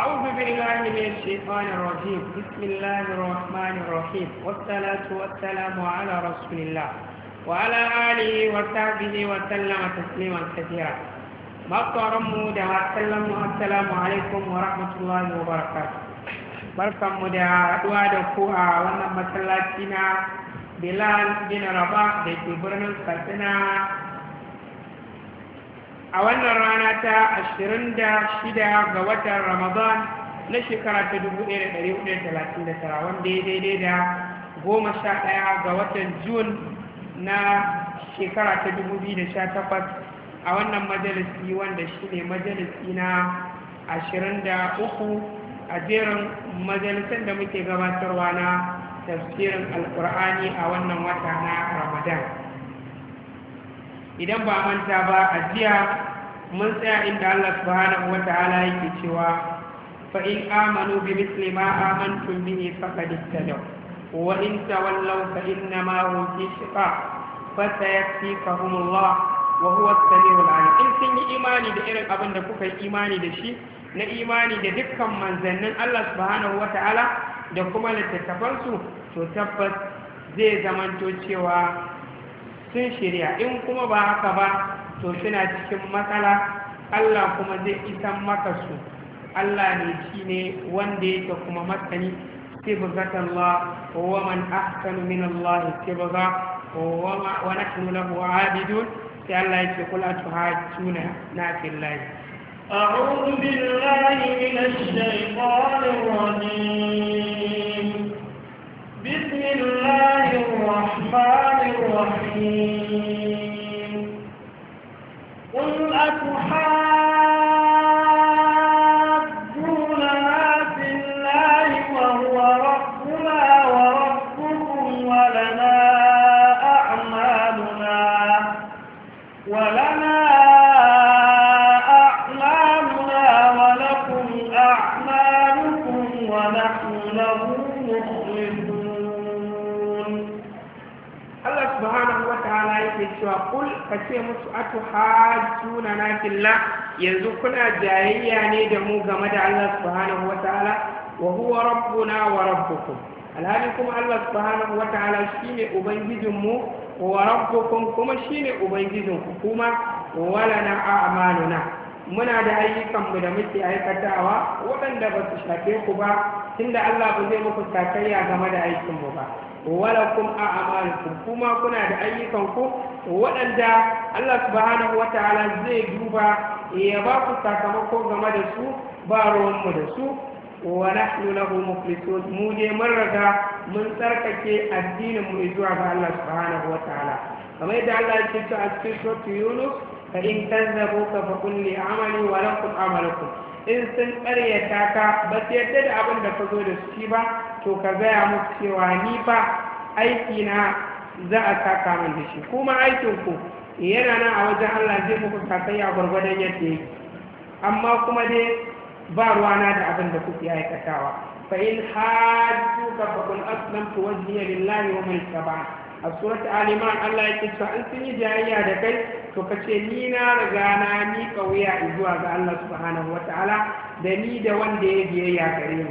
أعوذ بالله من الشيطان الرجيم بسم الله الرحمن الرحيم والصلاة والسلام على رسول الله وعلى آله وصحبه وسلم تسليما كثيرا مقرم دا السلام السلام عليكم ورحمة الله وبركاته barkan mu da haɗuwa da ku a wannan masallaci na Bilal bin Rabah da ke birnin Katsina a wannan rana ta 26 ga watan ramadan na shekara ta 1439 wanda ya daidai da 11 ga watan jun na shekara ta 2018 a wannan majalisi wanda shi ne majalisi na 23 a jerin majalisar da muke gabatarwa na tafsirin alkur'ani a wannan wata na ramadan idan ba manta ba a jiya mun tsaya inda Allah subhanahu ta'ala yake cewa fa in amanu bi misli ma amantum bihi faqad ihtadaw wa in tawallaw fa inna ma hum fi shiqaq fa sayakfikahum Allah wa huwa as-sami'ul 'alim in sun yi imani da irin abin da kuka yi imani da shi na imani da dukkan manzannin Allah subhanahu ta'ala da kuma littattafansu to tabbas zai zamanto cewa sun shirya in kuma ba haka ba to suna cikin matsala Allah kuma zai isan maka su Allah ne shi ne wanda yake kuma masani sibghat Allah wa man ahsanu min Allah sibgha wa wa nahnu lahu abidun sai Allah yake kula tuhajuna na fillahi أعوذ بالله من الشيطان الرجيم بسم الله الرحمن الرحيم yanzu kuna jayayya ne da mu game da Allah subhanahu wataala wa huwa rabbuna wa rabbukum alhali kuma Allah subhanahu wataala shine mu. wa rabbukum kuma shine ku. kuma wala na a'maluna muna da ayyukanmu da muke aikatawa waɗanda ba su shafe ku ba tunda Allah ba zai muku sakayya game da aikinmu ba Wala kum a'malukum kuma kuna da ayyukan ku waɗanda Allah subhanahu wataala zai duba Eh, ya ba ku sakamako game da su ba ruwanmu da su wa nahnu lahu mukhlisun mu ne mun riga mun tsarkake addinin mu zuwa ga Allah subhanahu wa ta'ala kamar yadda Allah ya ce a cikin sura Yunus fa in ka fa qul amali wa lakum amalukum in sun ƙaryata ka ba su yadda da abin da ka zo da shi ba to ka gaya musu cewa ni fa aiki na za a saka min da shi kuma aikin ku yana nan a wajen Allah zai muku a gwargwadon yadda yake amma kuma dai ba ruwana da abin da kuke aikatawa fa in hajju ka fa qul aslamtu wajhiya lillahi wa man a surata al-imran Allah yake cewa an sun yi jayayya da kai to ka ce ni na riga na miƙa wuya zuwa ga Allah subhanahu wa ta'ala da ni da wanda ya biyayya gare ni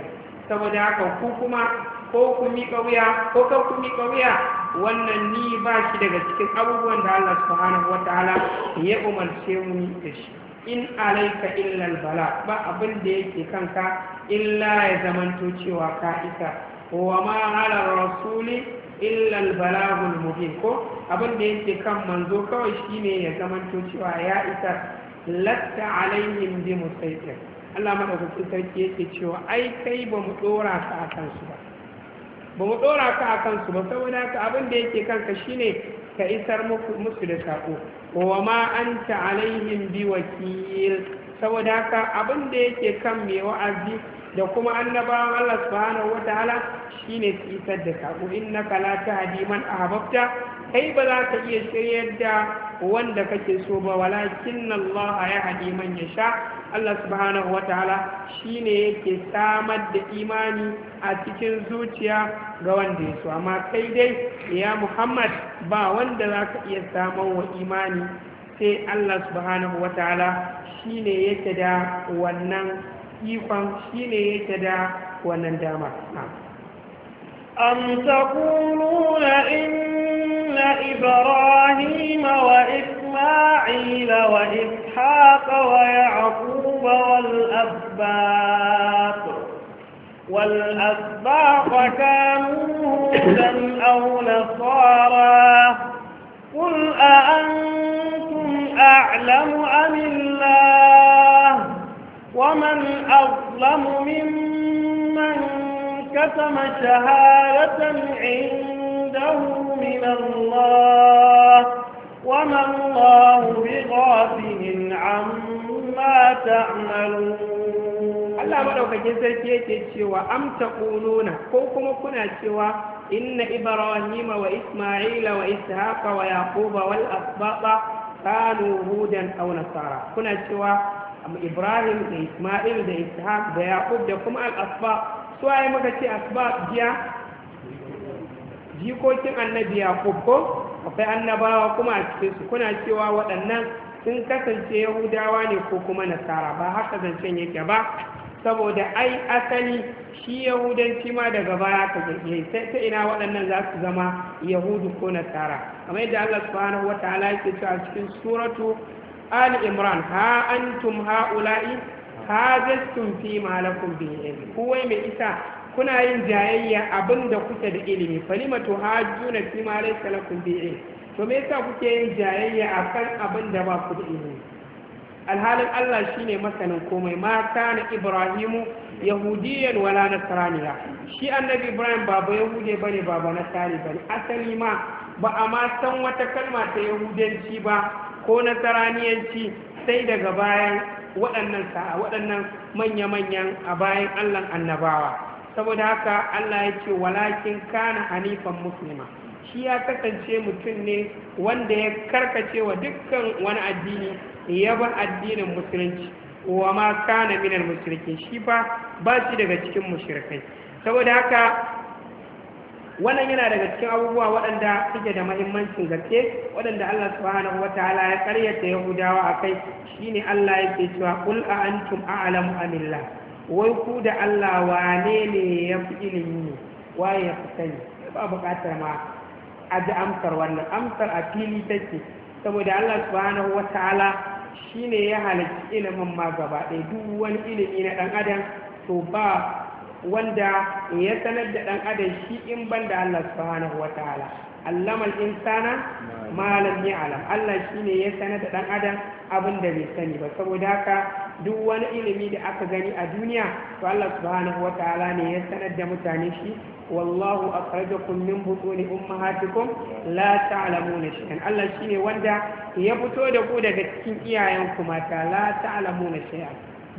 saboda haka ku kuma ko kunni miƙa wuya ko kan kunni miƙa wannan ni ba shi daga cikin abubuwan da Allah subhanahu wataala ya umarce mu da shi in alaika illa bala ba abin da yake kanka illa ya zamanto cewa ka isa wa ma ala rasuli illa balagul almubin ko abin da yake kan manzo kawai shine ya zamanto cewa ya isa latta alaihim bi musaitir Allah madaukakin sarki yake cewa ai kai ba mu dora ka akan su ba ba mu ɗora ka a kansu ba saboda haka abin da yake kanka shine ka isar musu da saƙo wa ma an ta alaihim bi wakil saboda haka abin da yake kan mai wa'azi da kuma annabawan Allah subhanahu wataala shine tsitar isar da sako inna kala ta man ahbabta kai ba za ka iya shiryar da wanda kake so ba walakin Allah ya hadiman ya sha Allah subhanahu wataala shine yake samar da imani a cikin zuciya ga wanda ya so amma kai dai ya Muhammad ba wanda za ka iya samar wa imani sai Allah subhanahu wataala shine yake da wannan ikon shi ne yake da wannan dama am taquluna inna ibrahima wa isma'ila wa ishaqa wa yaquba wal asbaq والأسباق كانوا هودا أو نصارا قل أأنتم أعلم أم ومن أظلم ممن كتم شهادة عنده من الله وما الله بغافل عما تعملون Allah madaukakin sarki yake cewa am taquluna ko kuma kuna cewa inna ibrahima wa isma'ila wa ishaqa wa yaquba wal asbaqa kanu hudan aw nasara kuna cewa ibrahim da ismail da ishaq da yaqub da kuma al-asba su ai muka ce asba biya jikokin annabi yaqub ko akwai annabawa kuma a su kuna cewa waɗannan sun kasance yahudawa ne ko kuma nasara ba haka zancen yake ba saboda ai asali shi yahudanci ma daga baya ka zai sai ta ina waɗannan za su zama yahudu ko nasara kamar yadda Allah subhanahu ta'ala yake cewa cikin suratu ali imran ha antum haula'i hajjastum fi ma lakum bihi mai isa kuna yin jayayya abinda kuke da ilimi falimatu mato fi ma laysa lakum bihi ilm to me yasa kuke yin jayayya akan abinda ba ku da ilimi alhalin Allah shine masanin komai ma kana ibrahimu yahudiyan wala nasraniya shi annabi ibrahim baba yahude bane baba nasari bane asali ma ba a ma san wata kalma ta yahudanci ba ko nasaraniyanci sai daga bayan waɗannan sa'a waɗannan manya-manyan a bayan allah annabawa saboda haka allah ya ce walakin kana hanifan musulma shi ya kasance mutum ne wanda ya karkace wa dukkan wani addini ya bar addinin musulunci wa ma kana minar mushrikin shi fa ba shi daga cikin mushrikai saboda haka wannan yana daga cikin abubuwa waɗanda suke da mahimmancin gaske waɗanda Allah subhanahu ta'ala ya karyata yahudawa akai shine Allah yake cewa qul a antum a'lamu amillah wai ku da Allah wane ne ya fi ilimi ne waye ya fi sani ba buƙatar ma a ji amsar wannan amsar a fili take saboda Allah subhanahu wataala shine ya halarci ilimin ma gaba ɗaya duk wani ilimi na ɗan adam to ba wanda ya sanar da ɗan adam shi in ban da Allah subhanahu wa ta'ala allamal insana malam lam ya'lam Allah shi ne ya sanar da ɗan adam abin da bai sani ba saboda haka duk wani ilimi da aka gani a duniya to Allah subhanahu wa ta'ala ne ya sanar da mutane shi wallahu akhrajakum min butuni ummahatikum la ta'lamuna shay'an Allah shi ne wanda ya fito da ku daga cikin iyayenku mata la ta'lamuna shay'an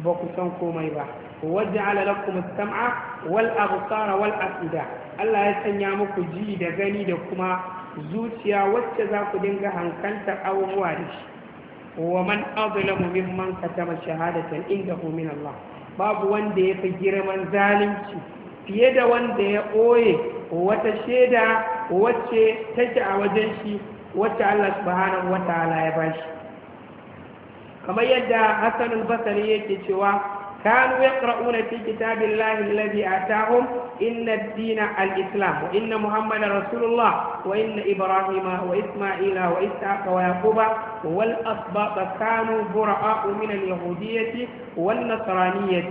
ba ku san komai ba waj'ala lakum as-sam'a wal absara wal afida Allah ya sanya muku ji da gani da kuma zuciya wacce za ku dinga hankanta abubuwa da shi wa man azlamu mimman katama inga indahu min Allah babu wanda ya fi girman zalunci fiye da wanda ya ɓoye wata shaida wacce take a wajen shi wacce Allah subhanahu wa ta'ala ya bashi kamar yadda Hassan al yake cewa كانوا يقرؤون في كتاب الله الذي آتاهم إن الدين الإسلام وإن محمد رسول الله وإن إبراهيم وإسماعيل وإسحاق ويعقوب والأسباط كانوا براء من اليهودية والنصرانية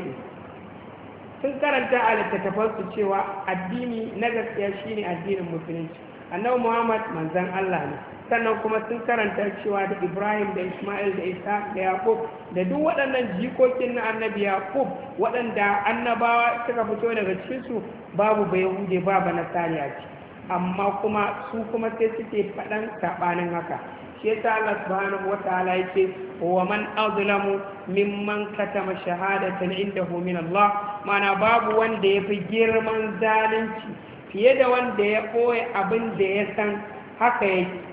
sun karanta a littattafansu cewa addini na gaskiya shine addinin musulunci annabi muhammad manzon allah ne sannan kuma sun karanta cewa da ibrahim da ismail da isa da yaqub da duk waɗannan jikokin na annabi yaqub waɗanda annabawa suka fito daga cikinsu babu bai ba ba na a ce amma kuma su kuma sai suke faɗan saɓanin haka shi yasa Allah subhanahu wa ta'ala yake wa man azlamu mimman katama shahadatan indahu min Allah mana babu wanda ya fi girman zalunci fiye da wanda ya ɓoye abin da ya san haka yake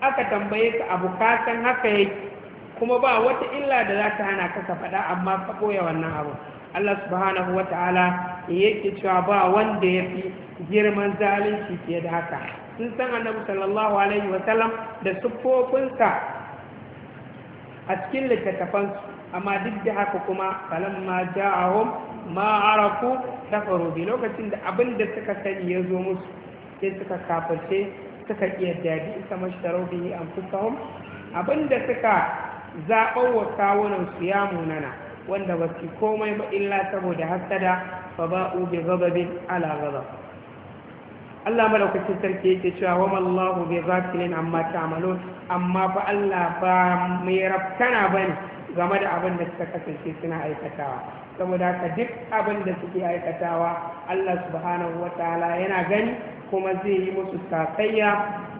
aka tambaye ka abu ka san haka yake kuma ba wata illa da za ta hana ka faɗa amma ka ɓoye wannan abu Allah subhanahu wa ta'ala yake cewa ba wanda ya fi girman zalunci fiye da haka sun san annabi sallallahu alaihi wa sallam da siffofinsa a cikin littattafansu amma duk da haka kuma falamma ja'ahum ma arafu ta lokacin da abin da suka sani ya zo musu sai suka kafirce suka ƙiyaddadi kamar shtarau bihi anfusahum abinda suka zaɓar wa kawunan su ya munana wanda ba su komai ba illa saboda hasada fa ba'u bi ghadabin ala ghadab Allah malaukakin sarki yake cewa wa mallahu bi ghafilin amma ta'malun amma fa Allah ba mai rafkana bane game da abin da suka kasance suna aikatawa saboda haka duk abin da suke aikatawa Allah subhanahu wataala yana gani kuma zai yi musu sakayya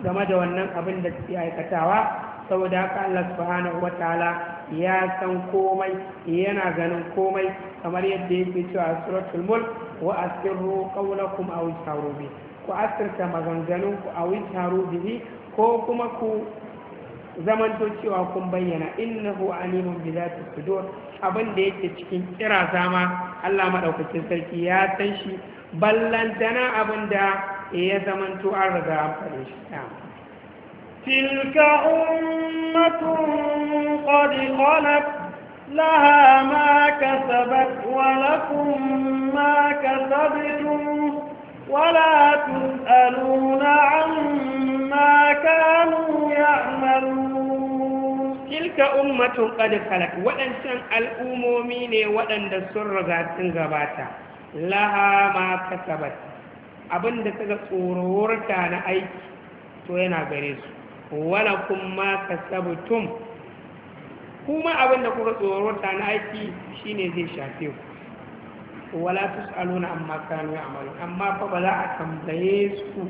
game da wannan abin da suke aikatawa saboda haka Allah subhanahu wataala ya san komai yana ganin komai kamar yadda yake cewa a suratul mulk wa asirru qawlakum aw isharu bi ku asirta maganganun ku aw isharu bihi ko kuma ku zamanto cewa kun bayyana innahu alimun bi zati sudur abin da yake cikin kira zama Allah madaukakin sarki ya san shi ballantana abin da E, ya zamanto an raga amfani shi tilka ummatun kodi kolak laha maka sabat walakun maka sabitun walakun aluna an maka ka ummatun kadikalat waɗancan al'umomi ne waɗanda sun raga gabata laha ma kasabat abin da suka tsororta na aiki to yana gare su wala kuma ka sabutum kuma abin da kuka tsororta na aiki shine zai shafe ku wala tusaluna amma kanu amalu amma fa ba za a tambaye su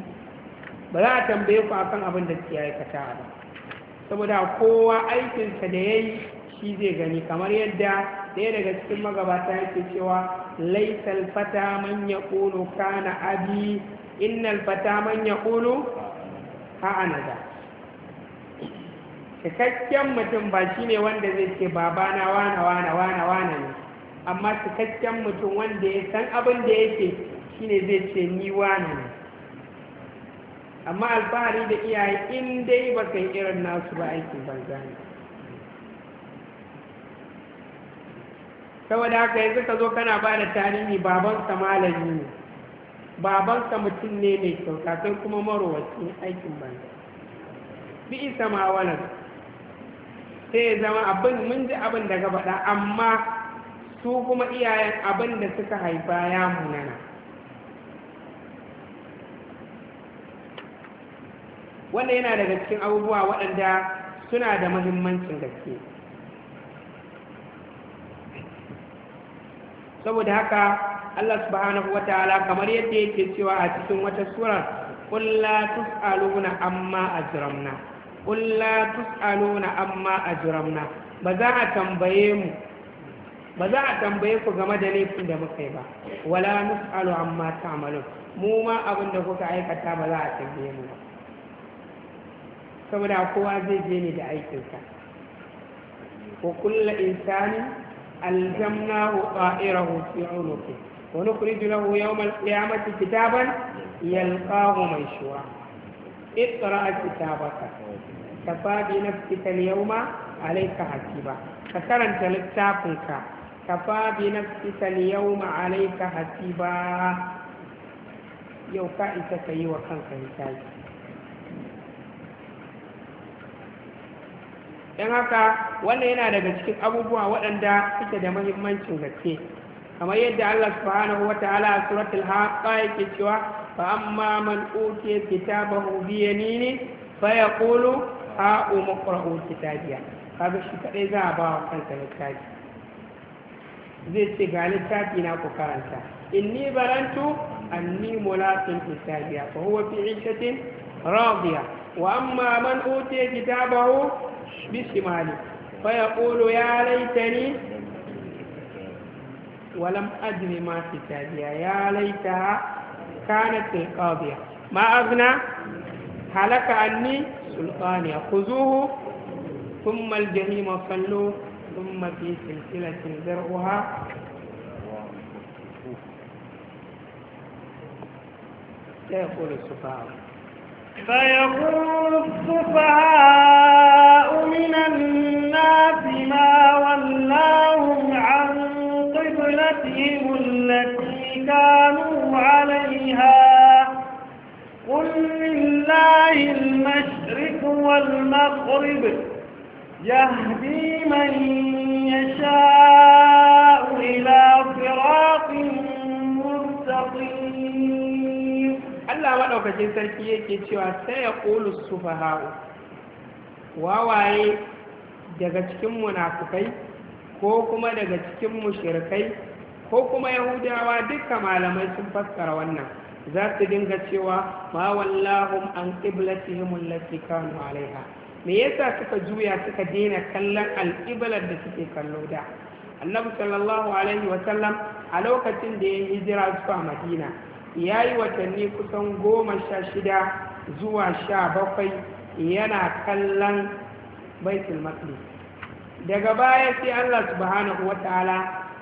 ba za a tambaye ku akan abin da suke aikata ba saboda kowa aikinsa da ya yi shi zai gani kamar yadda ɗaya daga cikin magabata yake cewa laisal fata man ya ƙulu kana abi innal fata man ya ƙulu anaga. cikakken mutum ba shi ne wanda zai ce babana wana wana wana wana ne amma cikakken mutum wanda ya san abin da yake shi ne zai ce ni wana ne amma alfahari da iyaye in dai ba kai irin nasu ba aikin banza ne saboda haka yanzu ka zo kana ba da tarihi babansa malami ne babansa mutum ne mai kyauta kai kuma marowacin aikin banza bi isa ma wani sai ya zama abin mun ji abin da faɗa amma su kuma iyayen abin da suka haifa ya munana wannan yana daga cikin abubuwa waɗanda suna da mahimmancin gaske saboda haka Allah subhanahu wataala kamar yadda yake cewa a cikin wata sura qul la tusaluna amma ajramna qul la tusaluna amma ajramna ba za a tambaye mu ba za a tambaye ku game da laifin da muka yi ba wala nus'alu amma ta'malun mu ma abin da kuka aikata ba za a tambaye mu ba saboda kowa zai je ne da aikinsa wa kullu insanin ألزمناه طائره في عنقه ونخرج له يوم القيامة كتابا يلقاه منشورا اقرأ كتابك كفى بنفسك اليوم عليك حسيبا فكرنت لكتابك كفى بنفسك اليوم عليك حسيبا يوكا إتكي وكانك حسابي don haka wannan yana daga cikin abubuwa waɗanda suke da mahimmancin gaske kamar yadda Allah subhanahu wa ta'ala a suratul haqqa yake cewa fa amma man utiya kitabahu bi yamini fa yaqulu ha umqra'u kitabiya kaga shi kadai za a ba wa kansa littafi zai ce ga littafi na ku karanta inni barantu anni mulaqin kitabiya fa huwa fi 'ishatin radiya wa amma man utiya kitabahu bishimali faya ƙolo ya laita ne walam ajini masu tajiya ya laita ha kanar tulkaziya ma'azina halaka anni sulkaniya ku zuhu sun maljani masallo sun mafi silsilacin zarguha ta yi ƙolo su fa'a فيقول السفهاء من الناس ما ولاهم عن قبلتهم التي كانوا عليها قل لله المشرق والمغرب يهدي من يشاء إلى صراط مرتقين Allah maɗaukacin sarki yake cewa sai ya ƙulus su wawaye daga cikin munafukai ko kuma daga cikin mushirikai ko kuma yahudawa duka malamai sun fassara wannan za su dinga cewa ma wallahum an qiblatihim allati kanu alaiha me yasa suka juya suka daina kallon alƙiblar da suke kallo da annabi sallallahu alaihi wa a lokacin da ya hijira zuwa madina ya yi watanni kusan goma sha shida zuwa sha bakwai yana kallon baitul matsi daga baya sai allah subhanahu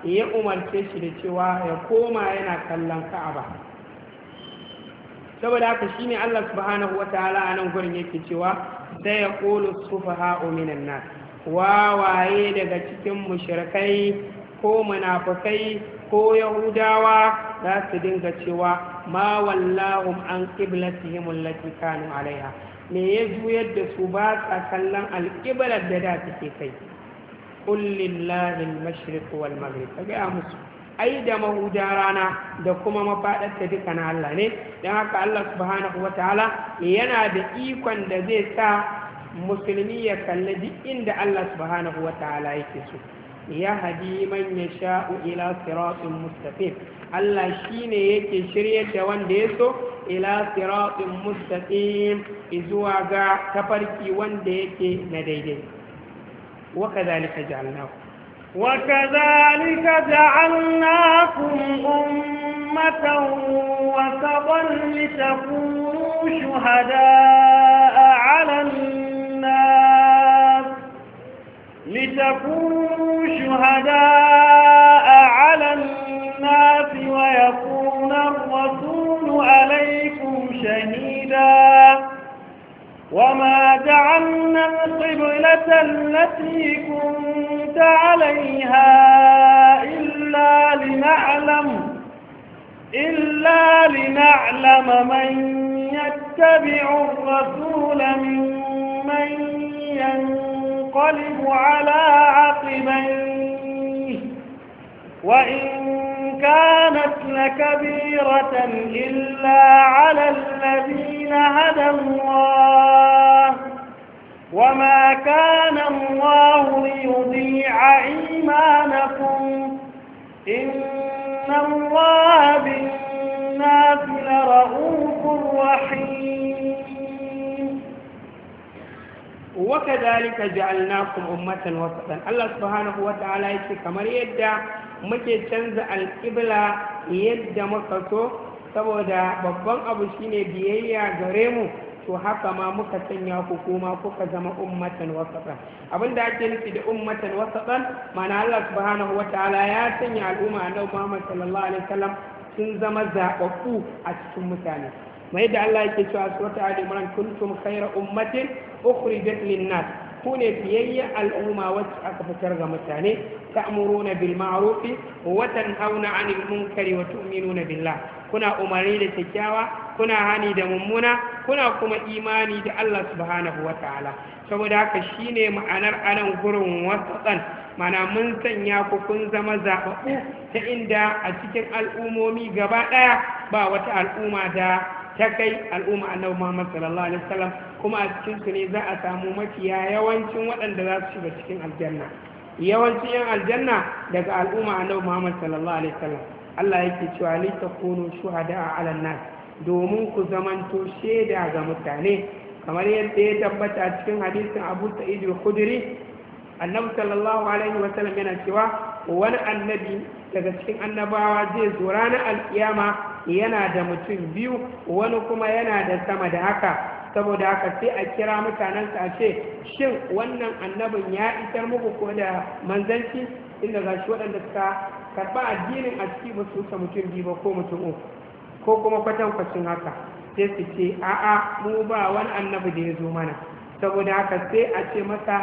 ya umarce shi da cewa ya koma yana kallon ka'aba saboda haka shi ne allah subhanahu wa ta'ala a nan gurin yake cewa da ya ƙolo ha'o minan nan wawaye daga cikin mushrikai ko munafukai ko yahudawa za su dinga cewa ma wallahum an qiblatihim allati kanu alaiha me ya juyar da su ba sa kallon alƙiblar da da suke kai Kullin lahin mashriq wal maghrib ga musu ai da mahuda rana da kuma mafadar ta duka na Allah ne don haka Allah subhanahu wa yana da ikon da zai sa musulmi ya kalli duk inda Allah subhanahu wa yake so hadi man yasha'u ila siratin mustaqim Allah shine yake shiryar da wanda ya so ila siratin mustaqim izuwa ga tafarki wanda yake na daidai wa kadhalika ja'alnahu wa kadhalika ja'alnakum ummatan wasatan litakunu shuhada'a 'ala an-nas لتكونوا شهداء على الناس ويكون الرسول عليكم شهيدا وما جعلنا القبلة التي كنت عليها إلا لنعلم إلا لنعلم من يتبع الرسول ممن ينفع تنقلب على عقبيه وإن كانت لكبيرة إلا على الذين هدى الله وما كان الله ليضيع إيمانكم إن الله بالناس لرؤوف رحيم wa kadhalika ja'alnakum ummatan wasatan Allah subhanahu wa ta'ala yake kamar yadda muke canza alƙibla yadda muka so saboda babban abu shine biyayya gare mu to haka ma muka sanya ku kuma kuka zama ummatan wasatan abinda ake nufi da ummatan wasatan mana Allah subhanahu Ta'ala ya sanya al'umma annabi Muhammad sallallahu alaihi wasallam sun zama zababbu a cikin mutane mai yadda Allah yake cewa a surata Ali Imran kuntum khayra ummatin ukhrijat lin-nas ku ne fiyayya al'umma wacce aka fitar ga mutane ta'muruna bil ma'ruf wa tanhauna 'anil munkari wa tu'minuna billah kuna umarni da kyakkyawa kuna hani da mummuna kuna kuma imani da Allah subhanahu wa ta'ala saboda haka shine ma'anar anan gurin wasatan mana mun sanya ku kun zama zaɓaɓɓu ta inda a cikin al'ummomi gaba ɗaya ba wata al'umma da ta kai al'umma annabi Muhammad sallallahu alaihi wasallam kuma a cikin su ne za a samu mafiya yawancin waɗanda za su shiga cikin aljanna yawancin yan aljanna daga al'umma annabi Muhammad sallallahu alaihi wasallam Allah yake cewa li takunu shuhada'a 'ala nas domin ku zamanto shaida ga mutane kamar yadda ya tabbata cikin hadisin Abu Sa'id al-Khudri annabi sallallahu alaihi wasallam yana cewa wani annabi daga cikin annabawa zai zo ranar alkiyama yana da mutum biyu wani kuma yana da sama da haka saboda haka sai a kira mutanensa a ce shin wannan annabin ya isar muku ko da manzanci inda ga shi waɗanda suka karɓa addinin a ciki ba su mutum biyu ba ko mutum uku ko kuma kwatan kwacin haka sai su ce a'a mu ba wani annabi da ya zo mana saboda haka sai a ce masa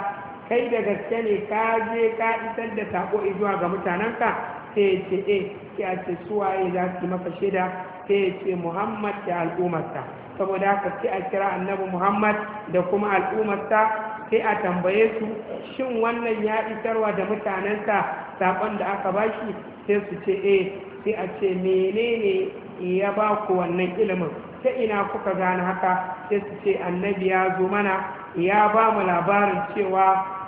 kai da gaske ne ka je ka isar da sako zuwa ga mutanenka sai ya ce e sai a ce suwaye za su yi maka shida sai ya ce muhammad da al'ummarsa saboda haka sai a kira annabi muhammad da kuma al'ummarsa sai a tambaye su shin wannan ya isarwa da mutanensa saƙon da aka ba shi sai su ce e sai a ce menene ya ba ku wannan ilimin ta ina kuka gane haka sai su ce annabi ya zo mana ya ba mu labarin cewa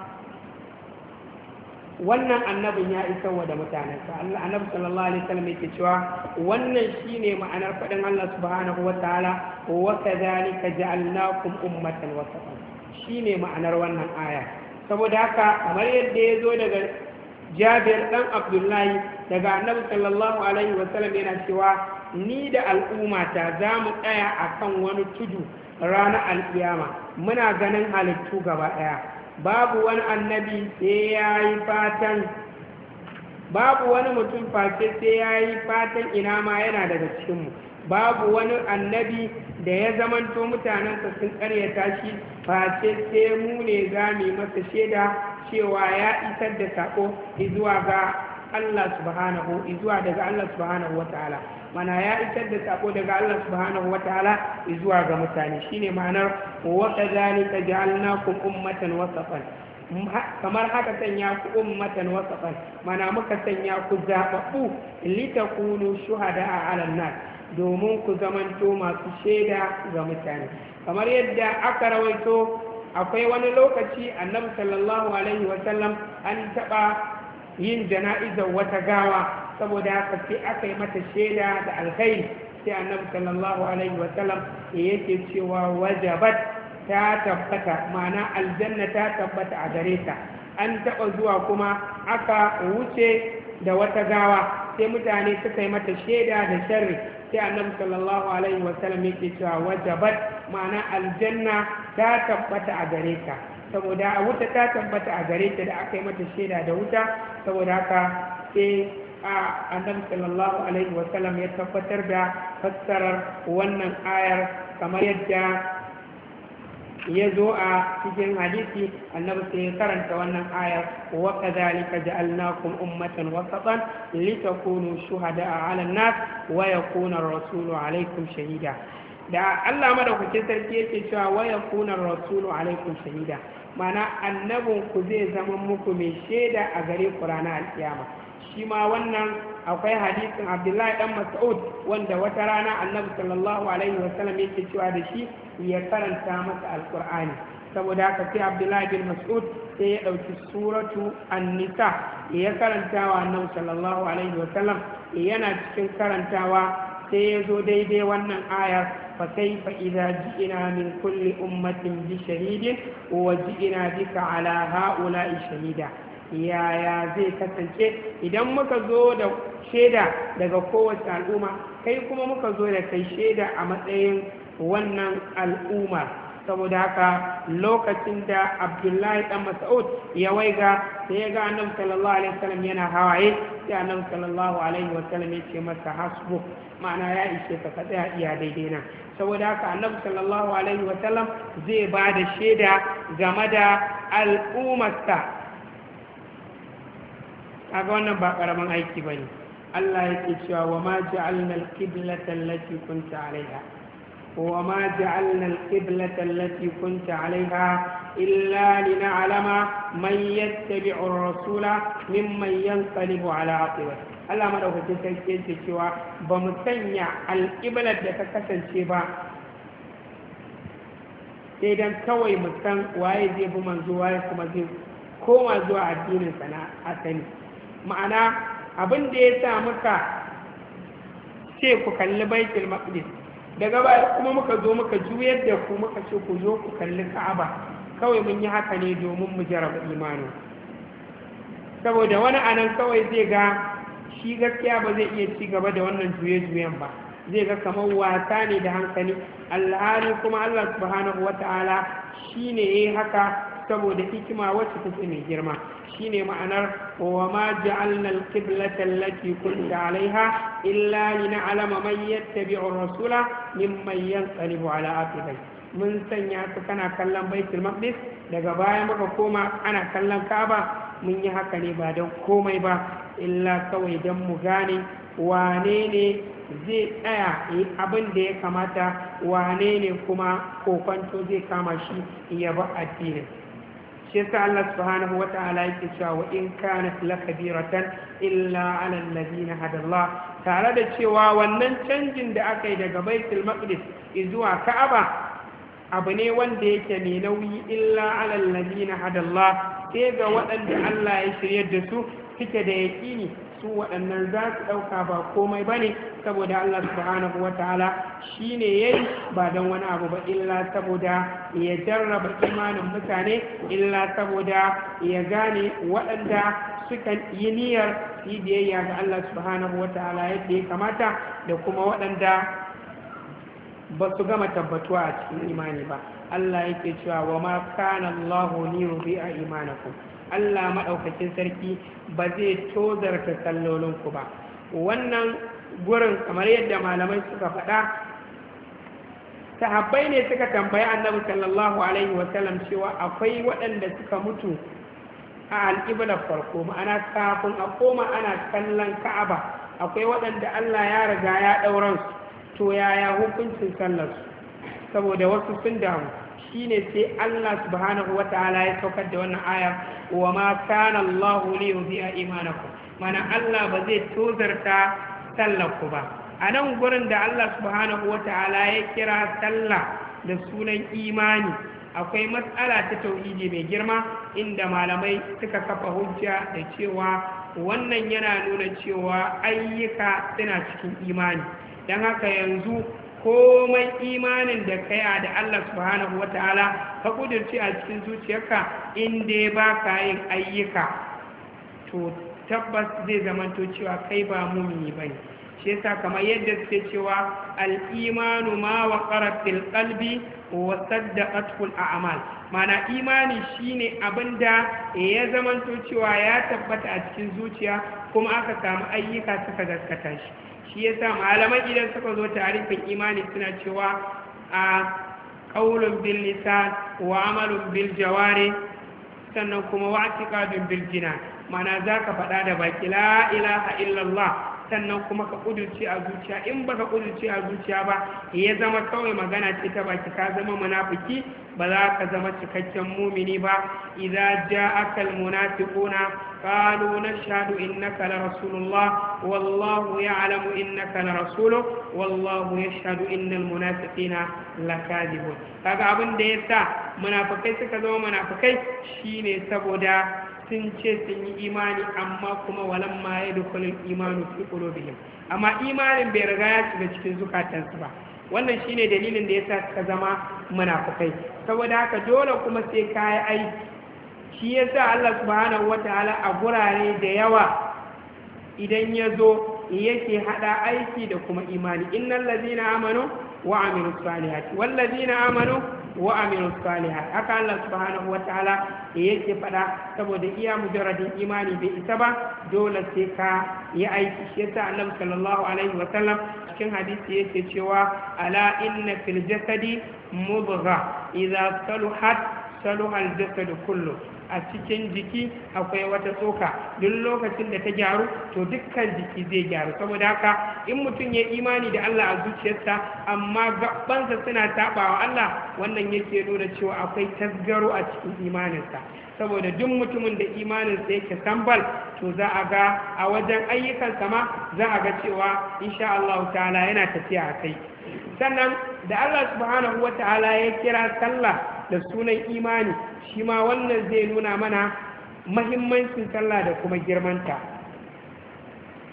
wannan annabin ya isa wa da mutanensa Allah annabi sallallahu alaihi wasallam yake cewa wannan shine ma'anar fadin Allah subhanahu wataala wa kadhalika ja'alnakum ummatan wasata shine ma'anar wannan aya saboda haka kamar yadda ya zo daga Jabir dan Abdullahi daga annabi sallallahu alaihi wasallam yana cewa ni da al'umma ta za mu tsaya akan wani tudu ranar alkiyama muna ganin halittu gaba daya babu wani annabi sai ya yi fatan babu wani mutum face sai ya yi fatan ina ma yana daga cikinmu babu wani annabi da ya zamanto mutanensa sun karyata shi face sai mu ne za mu yi masa shaida cewa ya isar da sako zuwa ga Allah subhanahu zuwa daga Allah subhanahu wataala mana ya isar da sako daga Allah subhanahu Ta'ala zuwa ga mutane shine ma'anar wa kadhalika ja'alnakum ummatan wasafan kamar haka sanya ku ummatan wasafan mana muka sanya ku zababbu litakunu shuhada ala nas domin ku zamanto masu shaida ga mutane kamar yadda aka rawaito akwai wani lokaci annabi sallallahu alaihi wasallam an taba yin jana'izar wata gawa saboda haka sai aka yi mata shaida da alkhairi sai annabi sallallahu alaihi wasallam yake cewa wajabat ta tabbata ma'ana aljanna ta tabbata a gare ta an taɓa zuwa kuma aka wuce da wata gawa sai mutane suka yi mata shaida da sharri sai annabi sallallahu alaihi wasallam yake cewa wajabat ma'ana aljanna ta tabbata a gare ta saboda a wuta ta tabbata a gare ta da aka yi mata shaida da wuta saboda haka sai annabi sallallahu alaihi wasallam ya tabbatar da fassarar wannan ayar kamar yadda ya zo a cikin hadisi annabi sai ya karanta wannan ayar wa kadhalika ja'alnakum ummatan wasatan litakunu shuhada'a 'ala an-nas wa yakuna ar-rasulu 'alaykum shahida da Allah madaukakin sarki yake cewa wa yakuna ar-rasulu 'alaykum shahida mana annabin ku zai zama muku mai shaida a gare ku ranar alkiyama shi ma wannan akwai hadisin abdullahi dan mas'ud wanda wata rana annabi sallallahu alaihi wasallam yake cewa da shi ya karanta masa alqur'ani saboda haka sai abdullahi bin mas'ud sai ya ɗauki suratu annisa ya karantawa annabi sallallahu alaihi wasallam yana cikin karantawa sai ya zo daidai wannan ayar فكيف إذا جئنا من كل أمة بشهيد وجئنا بك على هؤلاء شهيدا yaya zai kasance idan muka zo da shaida daga kowace al'umma kai kuma muka zo da kai shaida a matsayin wannan al'umma saboda haka lokacin da abdullahi dan mas'ud ya waiga sai ya ga annabi sallallahu alaihi wasallam yana hawaye sai annabi sallallahu alaihi wasallam ya ce masa hasbuk ma'ana ya ishe ka ka tsaya iya daidai na saboda haka annabi sallallahu alaihi wasallam zai ba da shaida game da al'ummarsa kaga wannan ba karaman aiki bane Allah ce cewa wa ma ja'alna al-qiblata allati kunta 'alayha wa ma ja'alna al-qiblata allati kunta 'alayha illa lin'alama man yattabi'u ar-rasula mimman yanqalibu 'ala 'aqibihi Allah sai ke ce cewa ba mu sanya al qiblata da ta kasance ba sai dan kawai mu san waye zai bi manzo waye kuma zai koma zuwa addinin sana'a sani ma'ana abin da ya sa muka ce ku kalli baitul maqdis daga baya kuma muka zo muka juyar da ku muka ce ku zo ku kalli ka'aba kawai mun yi haka ne domin mu jarraba imani saboda wani anan kawai zai ga shi gaskiya ba zai iya ci gaba da wannan juye-juyen ba zai ga kamar wasa ne da hankali alhari kuma allah subhanahu wata'ala shi ne ya haka saboda hikima wacce take mai girma shine ma'anar wa ma ja'alna al-qiblata allati kunta 'alayha illa lin'alama man yattabi'u ar-rasula mimman yanqalibu 'ala aqibai mun sanya su kana kallon baitul maqdis daga baya muka koma ana kallon ka'aba mun yi haka ne ba don komai ba illa kawai don mu gane wane ne zai tsaya abin da ya kamata wane ne kuma kokonto zai kama shi ya ba addinin shi yasa Allah subhanahu wa ta'ala yake cewa wa in kanat lakabiratan illa 'ala alladhina hadallah tare da cewa wannan canjin da aka yi daga Baitul Maqdis zuwa Ka'aba abu ne wanda yake mai nauyi illa 'ala alladhina hadallah sai ga waɗanda Allah ya shiryar da su suke da yaƙini su waɗannan za su ɗauka ba komai ba ne saboda Allah subhanahu wa ta'ala shi ne ya yi ba don wani abu ba illa saboda ya jarraba imanin mutane illa saboda ya gane waɗanda sukan yi niyyar yi biyayya ga Allah subhanahu wa ta'ala yadda ya kamata da kuma waɗanda ba su gama tabbatuwa a cikin imani ba Allah yake cewa wa ma kana Allahu a imanakum Allah maɗaukacin sarki ba zai tozarta sallolinku ba wannan gurin kamar yadda malamai suka faɗa sahabbai ne suka tambayi annabi sallallahu alaihi wasallam cewa akwai waɗanda suka mutu a al'iblar farko ma'ana kafin a koma ana kallon ka'aba akwai waɗanda Allah ya riga ya ɗauransu to yaya hukuncin sallarsu saboda wasu sun damu shine sai Allah subhanahu wa ta'ala ya saukar da wannan aya wa ma kana Allah li yudhi'a imanakum mana Allah ba zai tozarta sallarku ba a nan gurin da Allah subhanahu wa ta'ala ya kira sallah da sunan imani akwai matsala ta tauhidi mai girma inda malamai suka kafa hujja da cewa wannan yana nuna cewa ayyuka suna cikin imani dan haka yanzu komai imanin da kai a da Allah subhanahu wataala ka kudirci a cikin zuciyarka inda ba ka yin ayyuka to tabbas zai zamanto cewa kai ba mumini bane shi yasa kamar yadda suke cewa al-imanu ma wa fil qalbi wa saddaqathu al-a'mal mana imani shine abin da ya zamanto cewa ya tabbata a cikin zuciya kuma aka samu ayyuka suka gaskata shi shi yasa malaman idan suka zo tarifin imani suna cewa a qaulun bil lisan wa amalun bil jawari sannan kuma wa'tiqadun bil jinan mana zaka faɗa da baki la ilaha illallah sannan kuma ka kudurci a zuciya in baka kudurci a zuciya ba ya zama kawai magana ce ta baki ka zama munafiki ba za ka zama cikakken mumini ba idza ja'aka almunafiquna qalu nashhadu innaka la rasulullah wallahu ya'lamu innaka la rasuluh wallahu yashhadu innal munafiqina lakadibun kaga abin da yasa munafikai suka zama munafikai shine saboda sun ce sun yi imani amma kuma walan ma ya dukkanin imanu fi qulubihim amma imanin bai riga ya shiga cikin zukatansu ba wannan shine dalilin da ya sa suka zama munafukai saboda haka dole kuma sai kayi aiki shi ya sa Allah wata hala a gurare da yawa idan ya zo yake hada aiki da kuma imani innan lazina amanu wa amilus salihati wal amanu wa amilu salihat haka Allah subhanahu wataala yake fada saboda iya mujarradin imani bai isa ba dole sai ka yi aiki shi yasa Annabi sallallahu alaihi wa sallam cikin hadisi yake cewa ala inna fil jasadi mudgha idza saluhat saluha al jasadu kullu a cikin jiki akwai wata tsoka duk lokacin da ta gyaru to dukkan jiki zai gyaru saboda haka in mutum ya imani da Allah a zuciyarsa amma gabansa suna tabawa Allah wannan yake nuna cewa akwai tasgaro a cikin imaninsa saboda duk mutumin da imaninsa yake sambal to za a ga a wajen ayyukansa ma za a ga cewa insha Allah ta'ala yana tafiya a kai sannan da Allah subhanahu wa ta'ala ya kira sallah da sunan imani shi ma wannan zai nuna mana mahimmancin sallah da kuma girmanta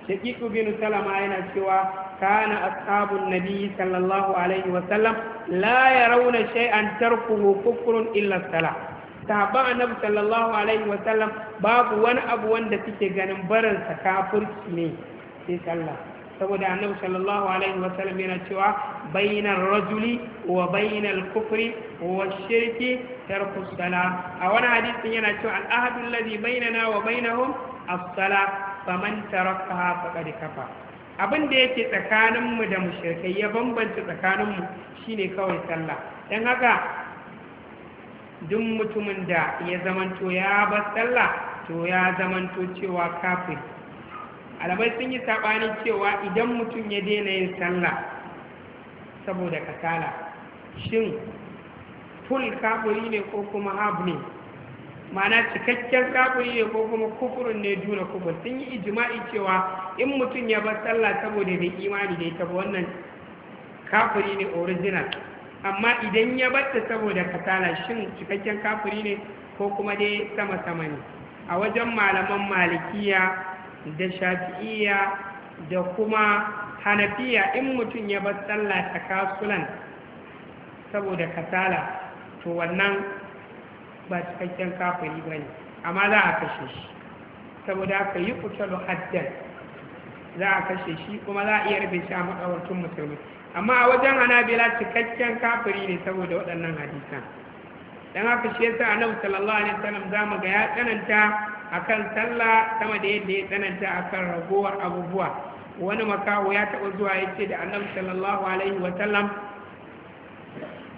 shakiku bin salama yana cewa kana asabun nabi sallallahu alaihi wasallam la yarawna shay'an tarkuhu kufrun illa salah sahaba annabi sallallahu alaihi wasallam babu wani abu wanda suke ganin barin sa kafirci ne sai sallah saboda annabi sallallahu alaihi wasallam yana cewa bainar rajuli wa bainal kufri wa shirki tarku sala a wani hadisin yana cewa al'ahadu baina bainana wa bainahum as-sala faman tarakaha faqad kafa abin da yake tsakaninmu da mushrikai ya bambanta tsakaninmu shine kawai sallah dan haka duk mutumin da ya zamanto ya bar sallah to ya zamanto cewa kafir alamai sun yi saɓanin cewa idan mutum ya daina yin sallah saboda kasala shin full kaburi ne ko kuma hab ne mana cikakken kaburi ne ko kuma kufurin ne juna kufur sun yi ijima'i cewa in mutum ya bar sallah saboda bai imani da ita ba wannan kafuri ne original amma idan ya batta saboda kasala shin cikakken kafuri ne ko kuma dai sama-sama ne a wajen malaman malikiya da shafi'iyya da kuma hanafiya in mutum ya bar sallah ta kasulan saboda kasala to wannan ba cikakken kafiri ba ne amma za a kashe shi saboda aka yi kutalu haddar za a kashe shi kuma za a iya rufe shi a makawartun musulmi amma a wajen hanabila cikakken kafiri ne saboda waɗannan hadisan dan haka shi yasa annabi sallallahu alaihi wasallam mu ga ya tsananta akan sallah sama da yadda ya tsananta akan ragowar abubuwa wani makaho ya taɓa zuwa ya ce da annabi sallallahu alaihi sallam'